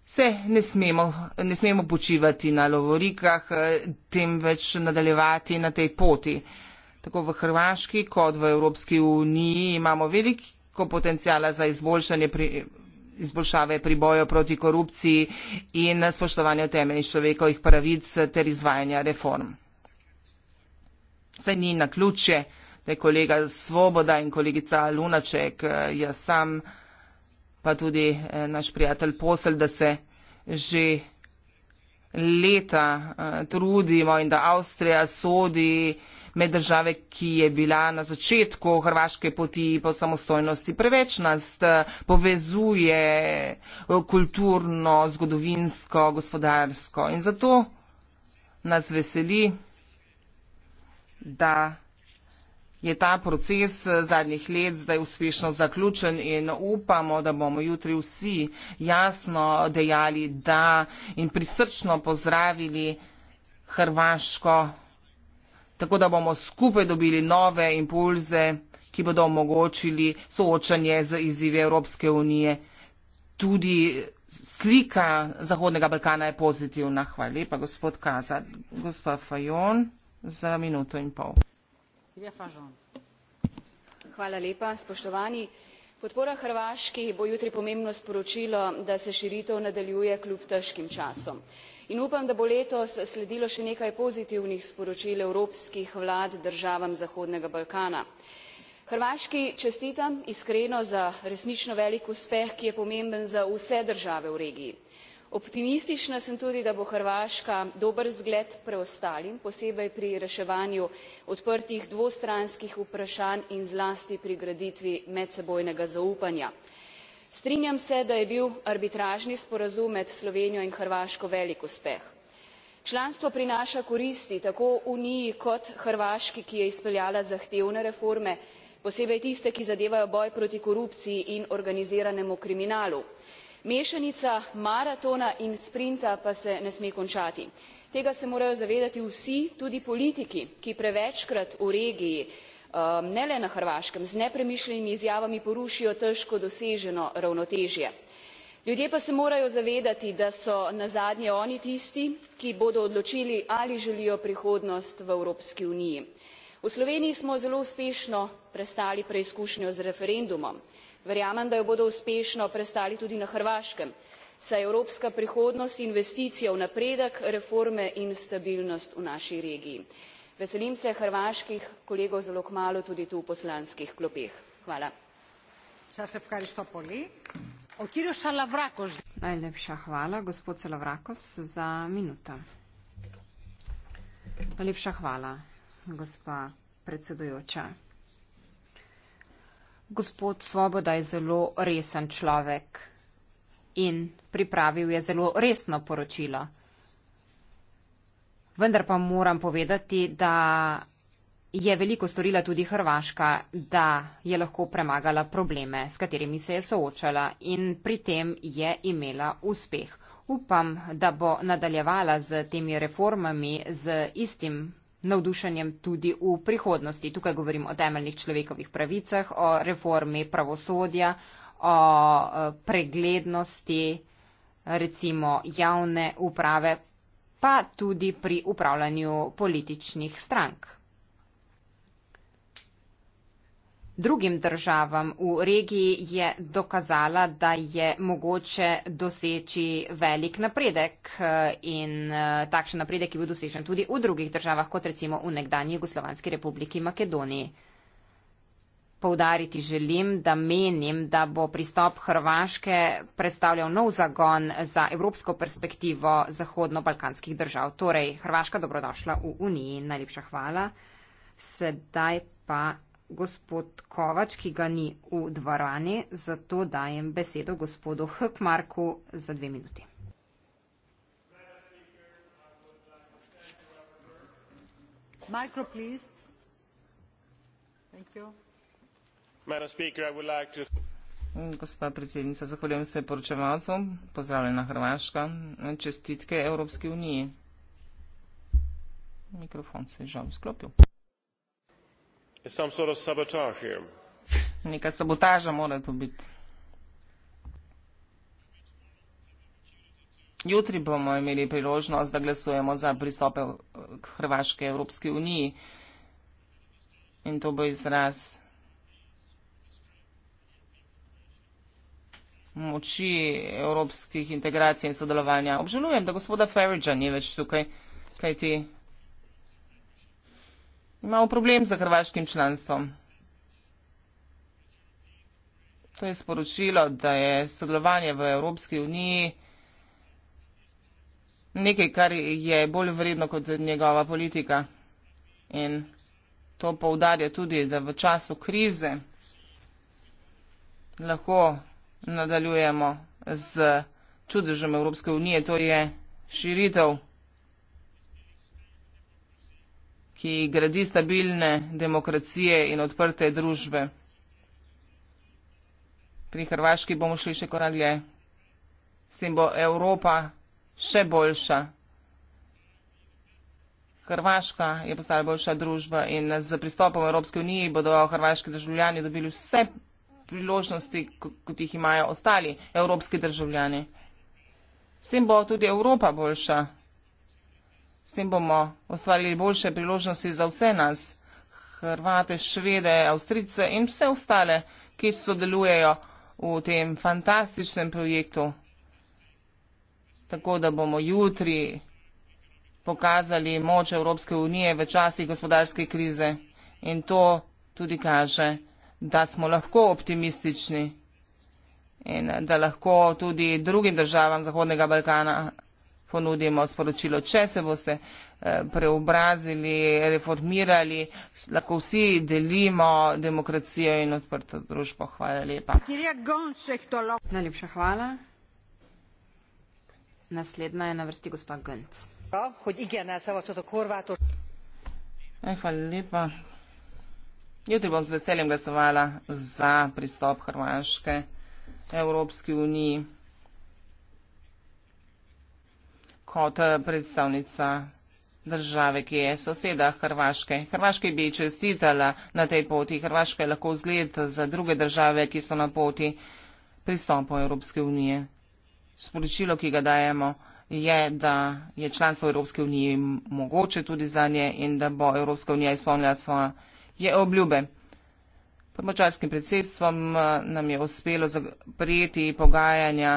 se ne smemo, ne smemo počivati na lovorikah, e, temveč nadaljevati na tej poti tako v Hrvaški kot v Evropski uniji imamo veliko potencijala za izboljšanje pri izboljšave pri boju proti korupciji in spoštovanju temeljnih človekovih pravic ter izvajanja reform. Saj ni na ključje, da je kolega Svoboda in kolegica Lunaček, eh, jaz sam, pa tudi eh, naš prijatelj Posel, da se že leta eh, trudimo in da Avstrija sodi med države, ki je bila na začetku hrvaške poti po samostojnosti. Preveč nas eh, povezuje eh, kulturno, zgodovinsko, gospodarsko in zato nas veseli, da je ta proces eh, zadnjih let zdaj uspešno zaključen in upamo, da bomo jutri vsi jasno dejali da in prisrčno pozdravili Hrvaško tako da bomo skupaj dobili nove impulze, ki bodo omogočili soočanje z izzivi Evropske unije. Tudi slika Zahodnega Balkana je pozitivna. Hvala lepa, gospod Kaza. Gospod Fajon, za minuto in pol. Hvala lepa, spoštovani. Podpora Hrvaški bo jutri pomembno sporočilo, da se širitev nadaljuje kljub težkim časom in upam da bo letos sledilo še nekaj pozitivnih sporočil evropskih vlad državam zahodnega balkana. hrvaški čestitam iskreno za resnično velik uspeh ki je pomemben za vse države v regiji. optimistična sem tudi da bo hrvaška dober zgled preostalim posebej pri reševanju odprtih dvostranskih vprašanj in zlasti pri graditvi medsebojnega zaupanja strinjam se da je bil arbitražni sporazum med slovenijo in hrvaško velik uspeh. članstvo prinaša koristi tako uniji kot hrvaški ki je izpeljala zahtevne reforme posebej tiste ki zadevajo boj proti korupciji in organiziranemu kriminalu. mešanica maratona in sprinta pa se ne sme končati. tega se morajo zavedati vsi tudi politiki ki prevečkrat v regiji Ehm, ne le na hrvaškem z nepremišljenimi izjavami porušijo težko doseženo ravnotežje ljudje pa se morajo zavedati da so nazadnje oni tisti ki bodo odločili ali želijo prihodnost v evropski uniji. v sloveniji smo zelo uspešno prestali preizkušnjo z referendumom verjamem da jo bodo uspešno prestali tudi na hrvaškem saj je evropska prihodnost investicija v napredek reforme in stabilnost v naši regiji veselim se hrvaških kolegov zelo kmalu tudi tu v poslanskih klopeh. gospod swoboda je zelo resen človek in pripravil je zelo resno poročilo vendar pa moram povedati, da je veliko storila tudi Hrvaška, da je lahko premagala probleme, s katerimi se je soočala in pri tem je imela uspeh. Upam, da bo nadaljevala z temi reformami z istim navdušenjem tudi v prihodnosti. Tukaj govorim o temeljnih človekovih pravicah, o reformi pravosodja, o eh, preglednosti recimo javne uprave, pa tudi pri upravljanju političnih strank. Drugim državam v regiji je dokazala, da je mogoče doseči velik napredek eh, in eh, takšen napredek je bil dosežen tudi v drugih državah, kot recimo v nekdanji Jugoslovanski republiki Makedoniji. Poudariti želim, da menim, da bo pristop Hrvaške predstavljal nov zagon za evropsko perspektivo zahodno-balkanskih držav. Torej, Hrvaška dobrodošla v Uniji. Najlepša hvala. Sedaj pa gospod Kovač, ki ga ni v dvorani, zato dajem besedo gospodu Hkmarku za dve minuti. Mikro, prosim. Hvala gospa predsednica zahvaljujem se poročevalcu pozdravljena hrvaška čestitke evropski uniji mikrofon se je žal izklopil neka sabotaža mora to biti Jutri bomo imeli priložnost, da glasujemo za pristope k Hrvaške Evropske uniji. In to bo izraz moči evropskih integracij in sodelovanja. Obžalujem, da gospoda Farage ni več tukaj, kaj ti imamo problem z hrvaškim članstvom. To je sporočilo, da je sodelovanje v Evropski uniji nekaj, kar je bolj vredno kot njegova politika. In to poudarja tudi, da v času krize lahko nadaljujemo z čudežem Evropske unije, to je širitev, ki gradi stabilne demokracije in odprte družbe. Pri Hrvaški bomo šli še korak dlje. S tem bo Evropa še boljša. Hrvaška je postala boljša družba in z pristopom Evropske unije bodo hrvaški državljani dobili vse priložnosti, kot jih imajo ostali evropski državljani. S tem bo tudi Evropa boljša. S tem bomo ustvarili boljše priložnosti za vse nas, Hrvate, Švede, Avstrice in vse ostale, ki sodelujejo v tem fantastičnem projektu. Tako da bomo jutri pokazali moč Evropske unije v časih gospodarske krize in to tudi kaže da smo lahko optimistični in eh, da lahko tudi drugim državam Zahodnega Balkana ponudimo sporočilo, če se boste eh, preobrazili, reformirali, lahko vsi delimo demokracijo in odprto družbo. Hvala lepa. Najlepša hvala. Naslednja je na vrsti gospa Gönc. Eh, hvala lepa, Jutri bom z veseljem glasovala za pristop Hrvaške Evropski uniji kot eh, predstavnica države, ki je soseda Hrvaške. Hrvaške bi čestitala na tej poti. Hrvaške je lahko zgled za druge države, ki so na poti pristopu Evropske unije. Sporočilo, ki ga dajemo, je, da je članstvo Evropske unije mogoče tudi za nje in da bo Evropska unija izpolnila svoje je obljube. Pod močarskim predsedstvom eh, nam je uspelo zaprijeti pogajanja,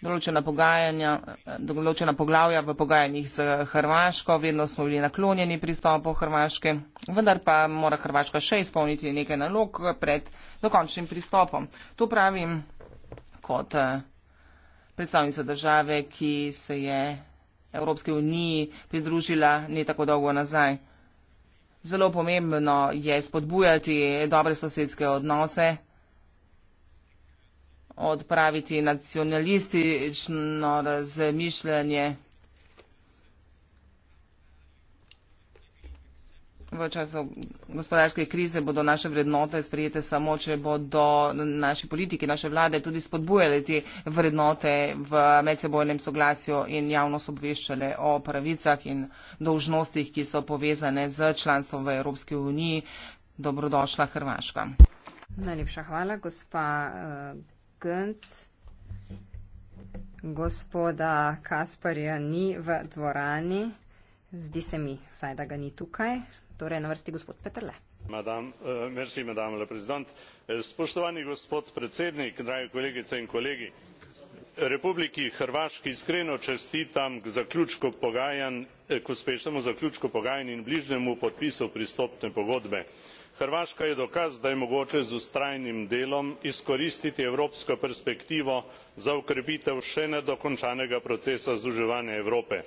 določena pogajanja, eh, določena poglavja v pogajanjih z Hrvaško, vedno smo bili naklonjeni pristopu Hrvaške, vendar pa mora Hrvaška še izpolniti nekaj nalog pred dokončnim pristopom. To pravim kot eh, predstavnica države, ki se je Evropske unije pridružila ne tako dolgo nazaj. Zelo pomembno je spodbujati dobre sosedske odnose, odpraviti nacionalistično razmišljanje. v času gospodarske krize bodo naše vrednote sprejete samo, če bodo naši politiki, naše vlade tudi spodbujali te vrednote v medsebojnem soglasju in javnost obveščale o pravicah in dolžnostih, ki so povezane z članstvom v Evropski uniji. Dobrodošla Hrvaška. Najlepša hvala, gospa uh, Gönc. Gospoda Kasparja ni v dvorani. Zdi se mi, saj da ga ni tukaj torej na vrsti gospod peterle eh, eh, spoštovani gospod predsednik drage kolegice in kolegi republiki hrvaški iskreno čestitam k zaključku pogajanj eh, k uspešnemu zaključku pogajanj in bližnjemu podpisu pristopne pogodbe hrvaška je dokaz da je mogoče z vztrajnim delom izkoristiti evropsko perspektivo za okrepitev še nedokončanega procesa združevanja evrope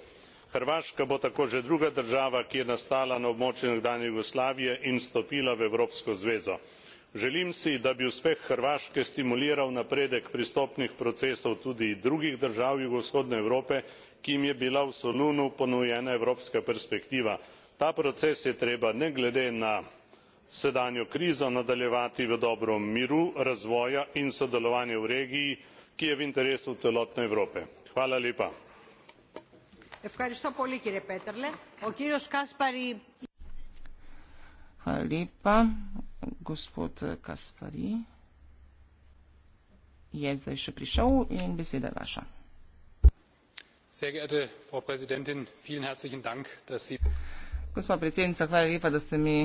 hrvaška bo tako že druga država ki je nastala na območju nekdanje jugoslavije in vstopila v evropsko zvezo. želim si da bi uspeh hrvaške stimuliral napredek pristopnih procesov tudi drugih držav jugovzhodne evrope ki jim je bila v solunu ponujena evropska perspektiva. ta proces je treba ne glede na sedanjo krizo nadaljevati v dobro miru razvoja in sodelovanja v regiji ki je v interesu celotne evrope ευχαριστώ πολύ κύριε Πέτερλε. Ο κύριος Κάσπαρη... Χαλίπα, γκοσπότ Κάσπαρη. Jezda je še prišel in beseda je vaša. Gospod predsednica, hvala lepa, da ste mi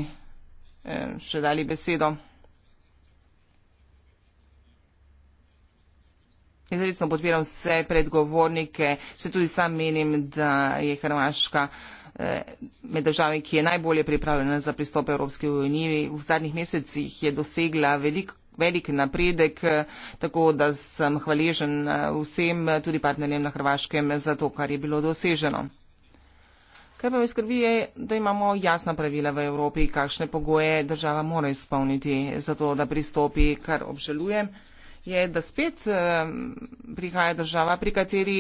eh, še dali besedo. Jaz resno podpiram vse predgovornike, se tudi sam menim, da je Hrvaška eh, med državami, ki je najbolje pripravljena za pristop Evropske unije. V zadnjih mesecih je dosegla velik, velik napredek, eh, tako da sem hvaležen eh, vsem, tudi partnerjem na Hrvaškem, za to, kar je bilo doseženo. Kaj pa me skrbi je, da imamo jasna pravila v Evropi, kakšne pogoje država mora izpolniti za to, da pristopi, kar obžalujem je, da spet eh, prihaja država, pri kateri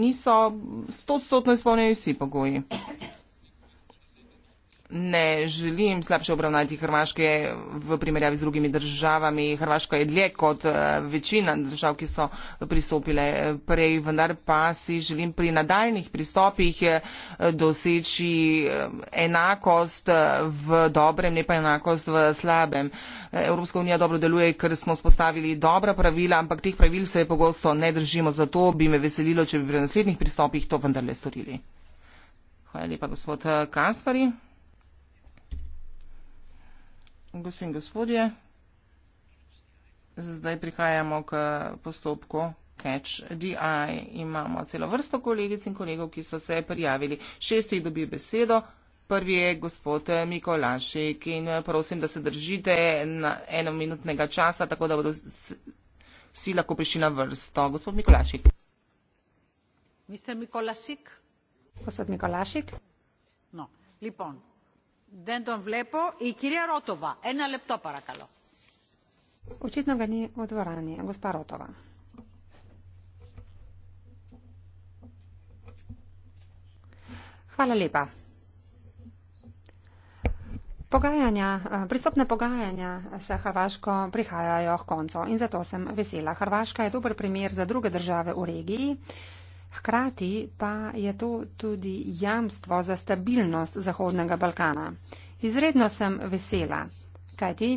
niso stotstotno izpolnjeni vsi pogoji ne želim slabše obravnati Hrvaške v primerjavi z drugimi državami. Hrvaška je dlje kot eh, večina držav, ki so pristopile eh, prej, vendar pa si želim pri nadaljnih pristopih eh, doseči enakost v dobrem, ne pa enakost v slabem. Evropska unija dobro deluje, ker smo spostavili dobra pravila, ampak teh pravil se pogosto ne držimo, zato bi me veselilo, če bi pri naslednjih pristopih to vendarle storili. Hvala lepa, gospod Kaspari. Gospod in gospodje, zdaj prihajamo k postopku Catch DI. Imamo celo vrsto kolegic in kolegov, ki so se prijavili. Šesti dobi besedo. Prvi je gospod Mikolašek in prosim, da se držite na enominutnega časa, tako da bodo vsi lahko prišli na vrsto. Gospod Mikolašek. Mister Mikolašek. Gospod Mikolašek. No, lepo očitno ga ni v dvorani gospa rotova hvala lepa pogajanja eh, pristopna pogajanja s hrvaško prihajajo h koncu in zato sem vesela hrvaška je dober primer za druge države v regiji ki so se pridružile pogajanjem in Hkrati pa je to tudi jamstvo za stabilnost Zahodnega Balkana. Izredno sem vesela, kajti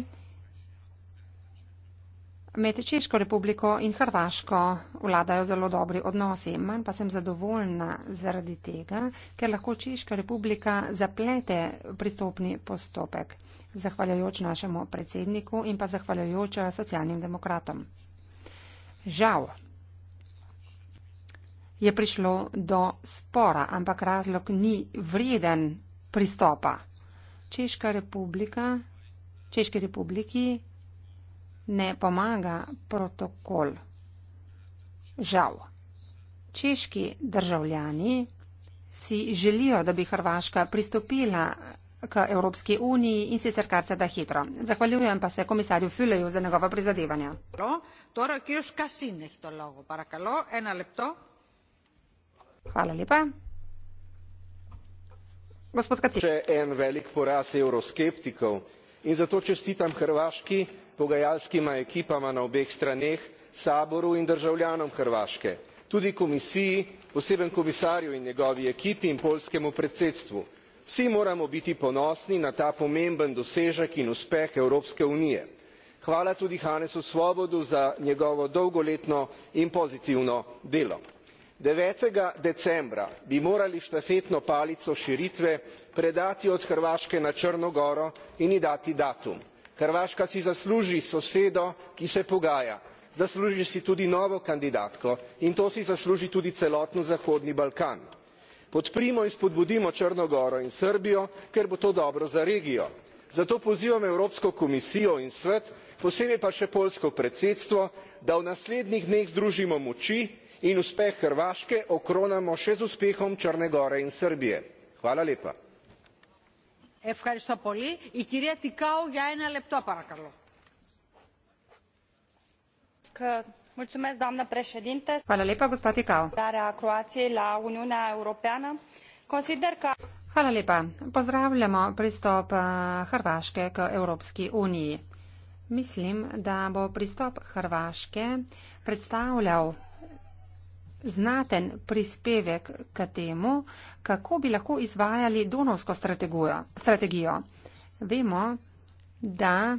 med Češko republiko in Hrvaško vladajo zelo dobri odnosi. Manj pa sem zadovoljna zaradi tega, ker lahko Češka republika zaplete pristopni postopek, zahvaljujoč našemu predsedniku in pa zahvaljujoč eh, socialnim demokratom. Žal, je prišlo do spora, ampak razlog ni vreden pristopa. Češka republika, Češki republiki ne pomaga protokol. Žal. Češki državljani si želijo, da bi Hrvaška pristopila k Evropski uniji in sicer kar se da hitro. Zahvaljujem pa se komisarju Füleju za njegova prizadevanja. Hvala. Hvala lepa. Gospod Kacin. Še en velik poraz euroskeptikov in zato čestitam Hrvaški pogajalskima ekipama na obeh straneh, saboru in državljanom Hrvaške, tudi komisiji, poseben komisarju in njegovi ekipi in polskemu predsedstvu. Vsi moramo biti ponosni na ta pomemben dosežek in uspeh Evropske unije. Hvala tudi Hanesu Svobodu za njegovo dolgoletno in pozitivno delo devet decembra bi morali štafetno palico širitve predati od hrvaške na črno goro in ji dati datum. hrvaška si zasluži sosedo ki se pogaja zasluži si tudi novo kandidatko in to si zasluži tudi celoten zahodni balkan. podprimo in spodbudimo črno goro in srbijo ker bo to dobro za regijo. zato pozivam evropsko komisijo in svet posebej pa še poljsko predsedstvo da v naslednjih dneh združimo moči in uspeh hrvaške okronamo še z uspehom črne gore in srbije. hvala lepa. hvala lepa pozdravljamo pristop eh, hrvaške k evropski uniji. mislim da bo pristop hrvaške predstavljal znaten prispevek k temu, kako bi lahko izvajali donovsko strategijo. Vemo, da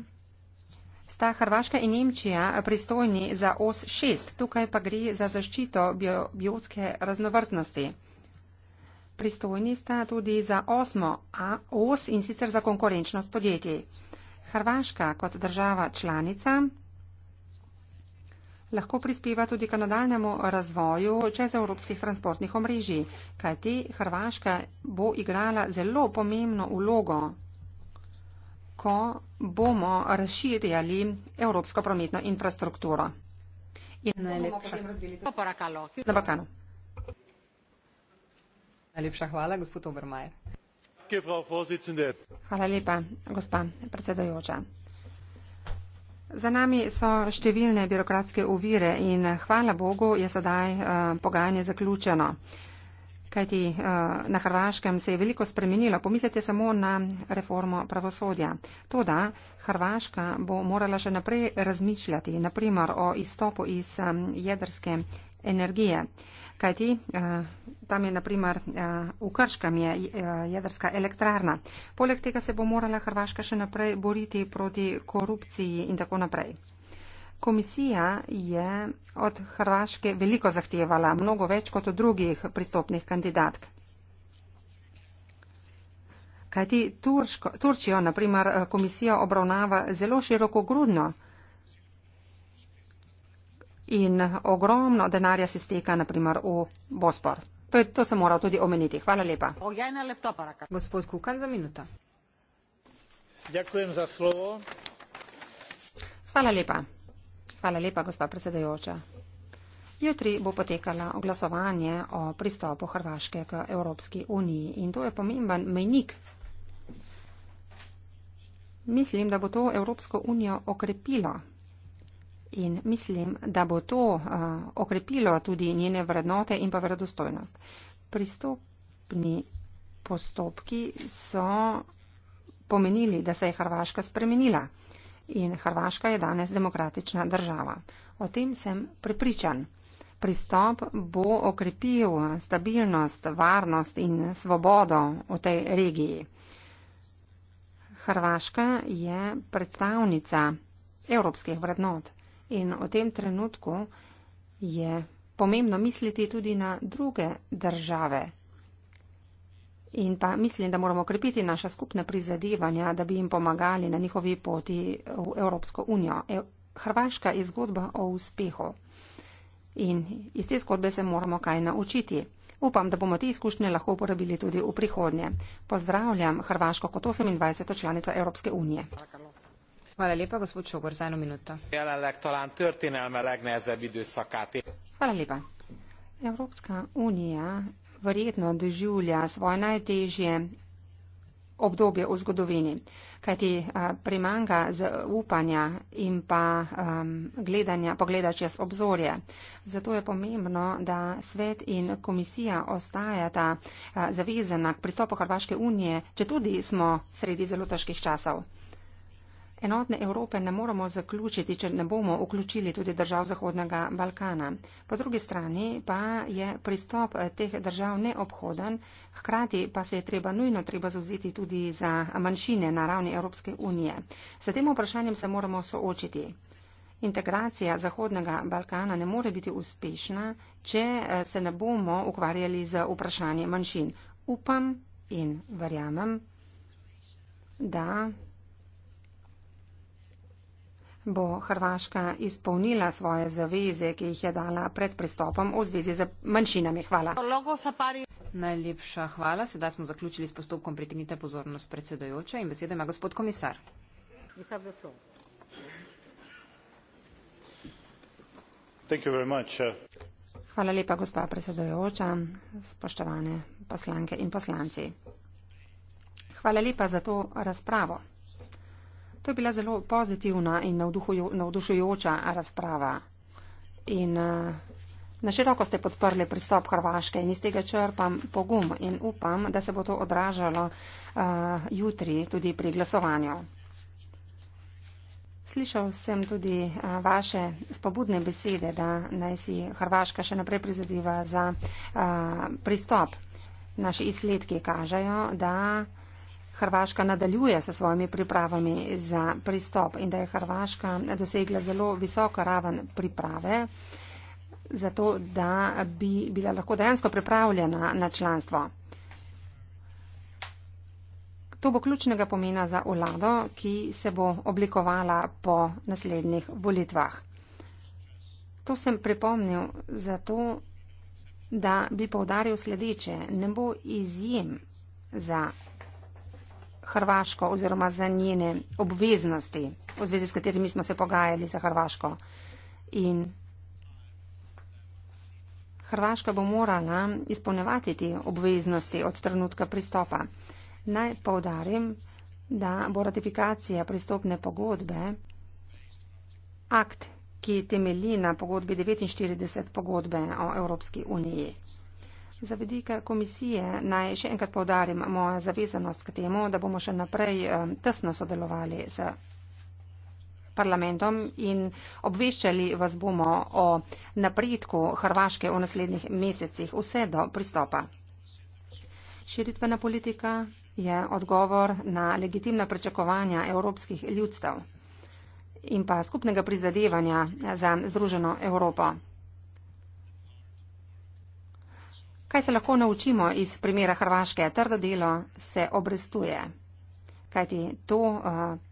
sta Hrvaška in Nemčija pristojni za OS 6, tukaj pa gre za zaščito biotske raznovrstnosti. Pristojni sta tudi za osmo OS in sicer za konkurenčnost podjetij. Hrvaška kot država članica lahko prispeva tudi k nadaljnemu razvoju čezevropskih transportnih omrežij, kajti Hrvaška bo igrala zelo pomembno ulogo, ko bomo razširjali evropsko prometno infrastrukturo. In Najlepša. Na Balkanu. Najlepša hvala, gospod Obermajer. Hvala lepa, gospa predsedajoča. Za nami so številne birokratske uvire in hvala Bogu je sedaj uh, pogajanje zaključeno. Kajti uh, na Hrvaškem se je veliko spremenilo. Pomislite samo na reformo pravosodja. Toda Hrvaška bo morala še naprej razmišljati, naprimer o izstopu iz um, jedrske energije. Uh, kajti eh, tam je naprimer eh, v Krškem je eh, jedrska elektrarna. Poleg tega se bo morala Hrvaška še naprej boriti proti korupciji in tako naprej. Komisija je od Hrvaške veliko zahtevala, mnogo več kot od drugih pristopnih kandidatk. Kajti Turško, Turčijo, naprimer, komisija obravnava zelo široko grudno in ogromno denarja se steka naprimer v Bospor. To, je, to sem moral tudi omeniti. Hvala lepa. Gospod Kukan za minuto. Za Hvala lepa. Hvala lepa, gospa predsedajoča. Jutri bo potekalo glasovanje o pristopu Hrvaške k Evropski uniji in to je pomemben mejnik. Mislim, da bo to Evropsko unijo okrepilo. In mislim, da bo to uh, okrepilo tudi njene vrednote in pa vredostojnost. Pristopni postopki so pomenili, da se je Hrvaška spremenila in Hrvaška je danes demokratična država. O tem sem prepričan. Pristop bo okrepil stabilnost, varnost in svobodo v tej regiji. Hrvaška je predstavnica evropskih vrednot. In v tem trenutku je pomembno misliti tudi na druge države. In pa mislim, da moramo krepiti naša skupna prizadevanja, da bi jim pomagali na njihovi poti v Evropsko unijo. E, Hrvaška je zgodba o uspehu. In iz te zgodbe se moramo kaj naučiti. Upam, da bomo te izkušnje lahko uporabili tudi v prihodnje. Pozdravljam Hrvaško kot 28. članico Evropske unije. Hvala lepa, gospod Šogor, za eno minuto. Jelenleg talán történelme legnehezebb időszakát. Hvala lepa. Evropska unija verjetno doživlja svoje najtežje obdobje v zgodovini, kajti primanka zaupanja in pa um, gledanja, pogleda čez obzorje. Zato je pomembno, da svet in komisija ostajata zavezana k pristopu Hrvaške unije, če tudi smo sredi zelo težkih časov. Enotne Evrope ne moremo zaključiti, če ne bomo vključili tudi držav Zahodnega Balkana. Po drugi strani pa je pristop eh, teh držav neobhoden, hkrati pa se je treba nujno treba zauzeti tudi za manjšine na ravni Evropske unije. S tem vprašanjem se moramo soočiti. Integracija Zahodnega Balkana ne more biti uspešna, če eh, se ne bomo ukvarjali z vprašanjem manjšin. Upam in verjamem, da bo Hrvaška izpolnila svoje zaveze, ki jih je dala pred pristopom v zvezi z manjšinami. Hvala. Najlepša hvala. Sedaj smo zaključili s postopkom. Pritegnite pozornost predsedojoča in besedo ima gospod komisar. Uh. Hvala lepa, gospa predsedojoča, spoštovane poslanke in poslanci. Hvala lepa za to razpravo. To je bila zelo pozitivna in navdušujoča razprava. In eh, na široko ste podprli pristop Hrvaške in iz tega črpam pogum in upam, da se bo to odražalo uh, jutri tudi pri glasovanju. Slišal sem tudi eh, vaše spobudne besede, da naj si Hrvaška še naprej prizadeva za uh, pristop. Naši izsledki kažejo, da. Hrvaška nadaljuje sa svojimi pripravami za pristop in da je Hrvaška dosegla zelo visoka raven priprave, zato da bi bila lahko dejansko pripravljena na članstvo. To bo ključnega pomena za vlado, ki se bo oblikovala po naslednjih volitvah. To sem pripomnil zato, da bi povdaril sledeče. Ne bo izjem za Hrvaško oziroma za njene obveznosti, v zvezi s katerimi smo se pogajali za Hrvaško. In Hrvaška bo morala izpolnjevati te obveznosti od trenutka pristopa. Naj povdarim, da bo ratifikacija pristopne pogodbe akt, ki temelji na pogodbi 49 pogodbe o Evropski uniji. Za vedike komisije naj še enkrat povdarim mojo zavezanost k temu, da bomo še naprej eh, tesno sodelovali z parlamentom in obveščali vas bomo o napredku Hrvaške v naslednjih mesecih vse do pristopa. Širitvena politika je odgovor na legitimna pričakovanja evropskih ljudstev in pa skupnega prizadevanja za združeno Evropo. Kaj se lahko naučimo iz primera Hrvaške? Trdo delo se obrestuje. Kajti to uh,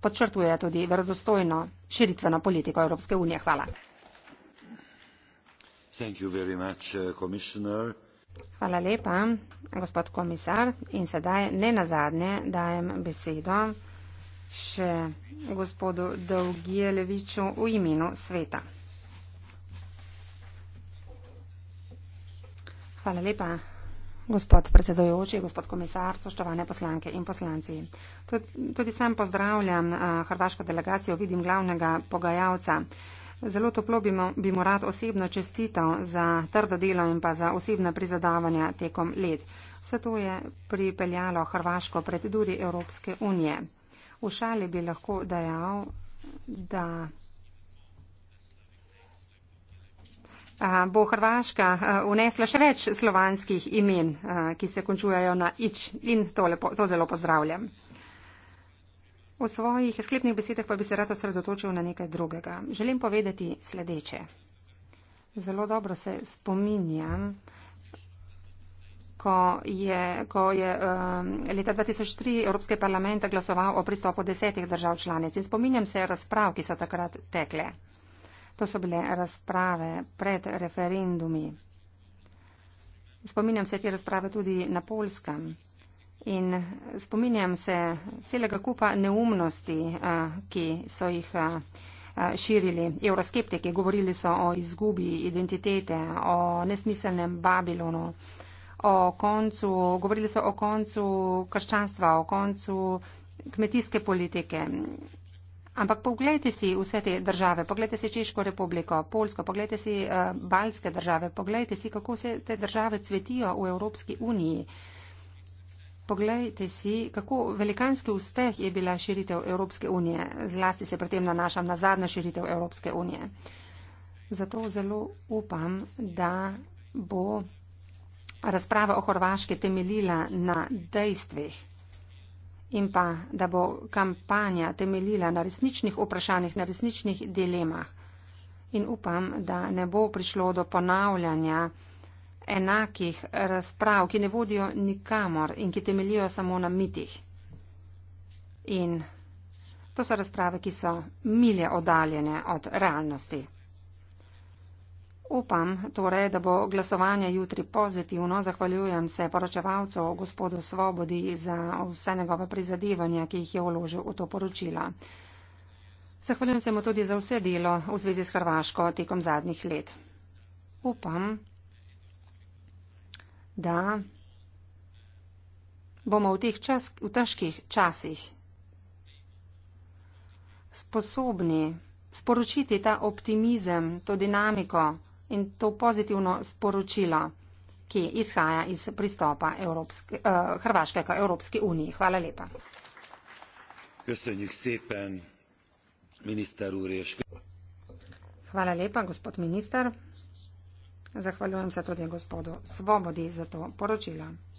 podčrtuje tudi verodostojno širitveno politiko Evropske unije. Hvala. Much, eh, Hvala lepa, gospod komisar. In sedaj ne nazadnje dajem besedo še gospodu Dolgijeleviču v imenu sveta. Hvala lepa, gospod predsedojoči, gospod komisar, spoštovane poslanke in poslanci. Tudi sem pozdravljam hrvaško delegacijo, vidim glavnega pogajalca. Zelo toplo bi mu, bi mu rad osebno čestital za trdo delo in pa za osebna prizadavanja tekom let. Vse to je pripeljalo Hrvaško pred duri Evropske unije. V šali bi lahko dejal, da bo Hrvaška unesla še več slovanskih imen, ki se končujejo na ič in to, lepo, to zelo pozdravljam. V svojih sklepnih besedah pa bi se rad osredotočil na nekaj drugega. Želim povedati sledeče. Zelo dobro se spominjam, ko je, ko je um, leta 2003 Evropske parlamente glasoval o pristopu desetih držav članic in spominjam se razprav, ki so takrat tekle. To so bile razprave pred referendumi. Spominjam se te razprave tudi na Polskem. In spominjam se celega kupa neumnosti, eh, ki so jih eh, širili evroskeptiki. Govorili so o izgubi identitete, o nesmiselnem Babilonu, o koncu, govorili so o koncu krščanstva, o koncu kmetijske politike. Ampak pogledajte si vse te države, pogledajte si Češko republiko, Polsko, pogledajte si uh, Baljske države, pogledajte si, kako se te države cvetijo v Evropski uniji. Poglejte si, kako velikanski uspeh je bila širitev Evropske unije. Zlasti se pri tem nanašam na zadnjo širitev Evropske unije. Zato zelo upam, da bo razprava o Hrvaški temeljila na dejstvih in pa, da bo kampanja temeljila na resničnih vprašanjih, na resničnih dilemah. In upam, da ne bo prišlo do ponavljanja enakih razprav, ki ne vodijo nikamor in ki temeljijo samo na mitih. In to so razprave, ki so milje oddaljene od realnosti. Upam torej, da bo glasovanje jutri pozitivno. Zahvaljujem se poročevalcu gospodu Svobodi za vse njegove prizadevanja, ki jih je vložil v to poročilo. Zahvaljujem se mu tudi za vse delo v zvezi s Hrvaško tekom zadnjih let. Upam, da bomo v teh čas, v težkih časih sposobni sporočiti ta optimizem, to dinamiko, in to pozitivno sporočilo, ki izhaja iz pristopa Evropsk, uh, eh, Hrvaške k Evropski uniji. Hvala lepa. Hvala lepa, gospod minister. Zahvaljujem se tudi gospodu Svobodi za to poročilo.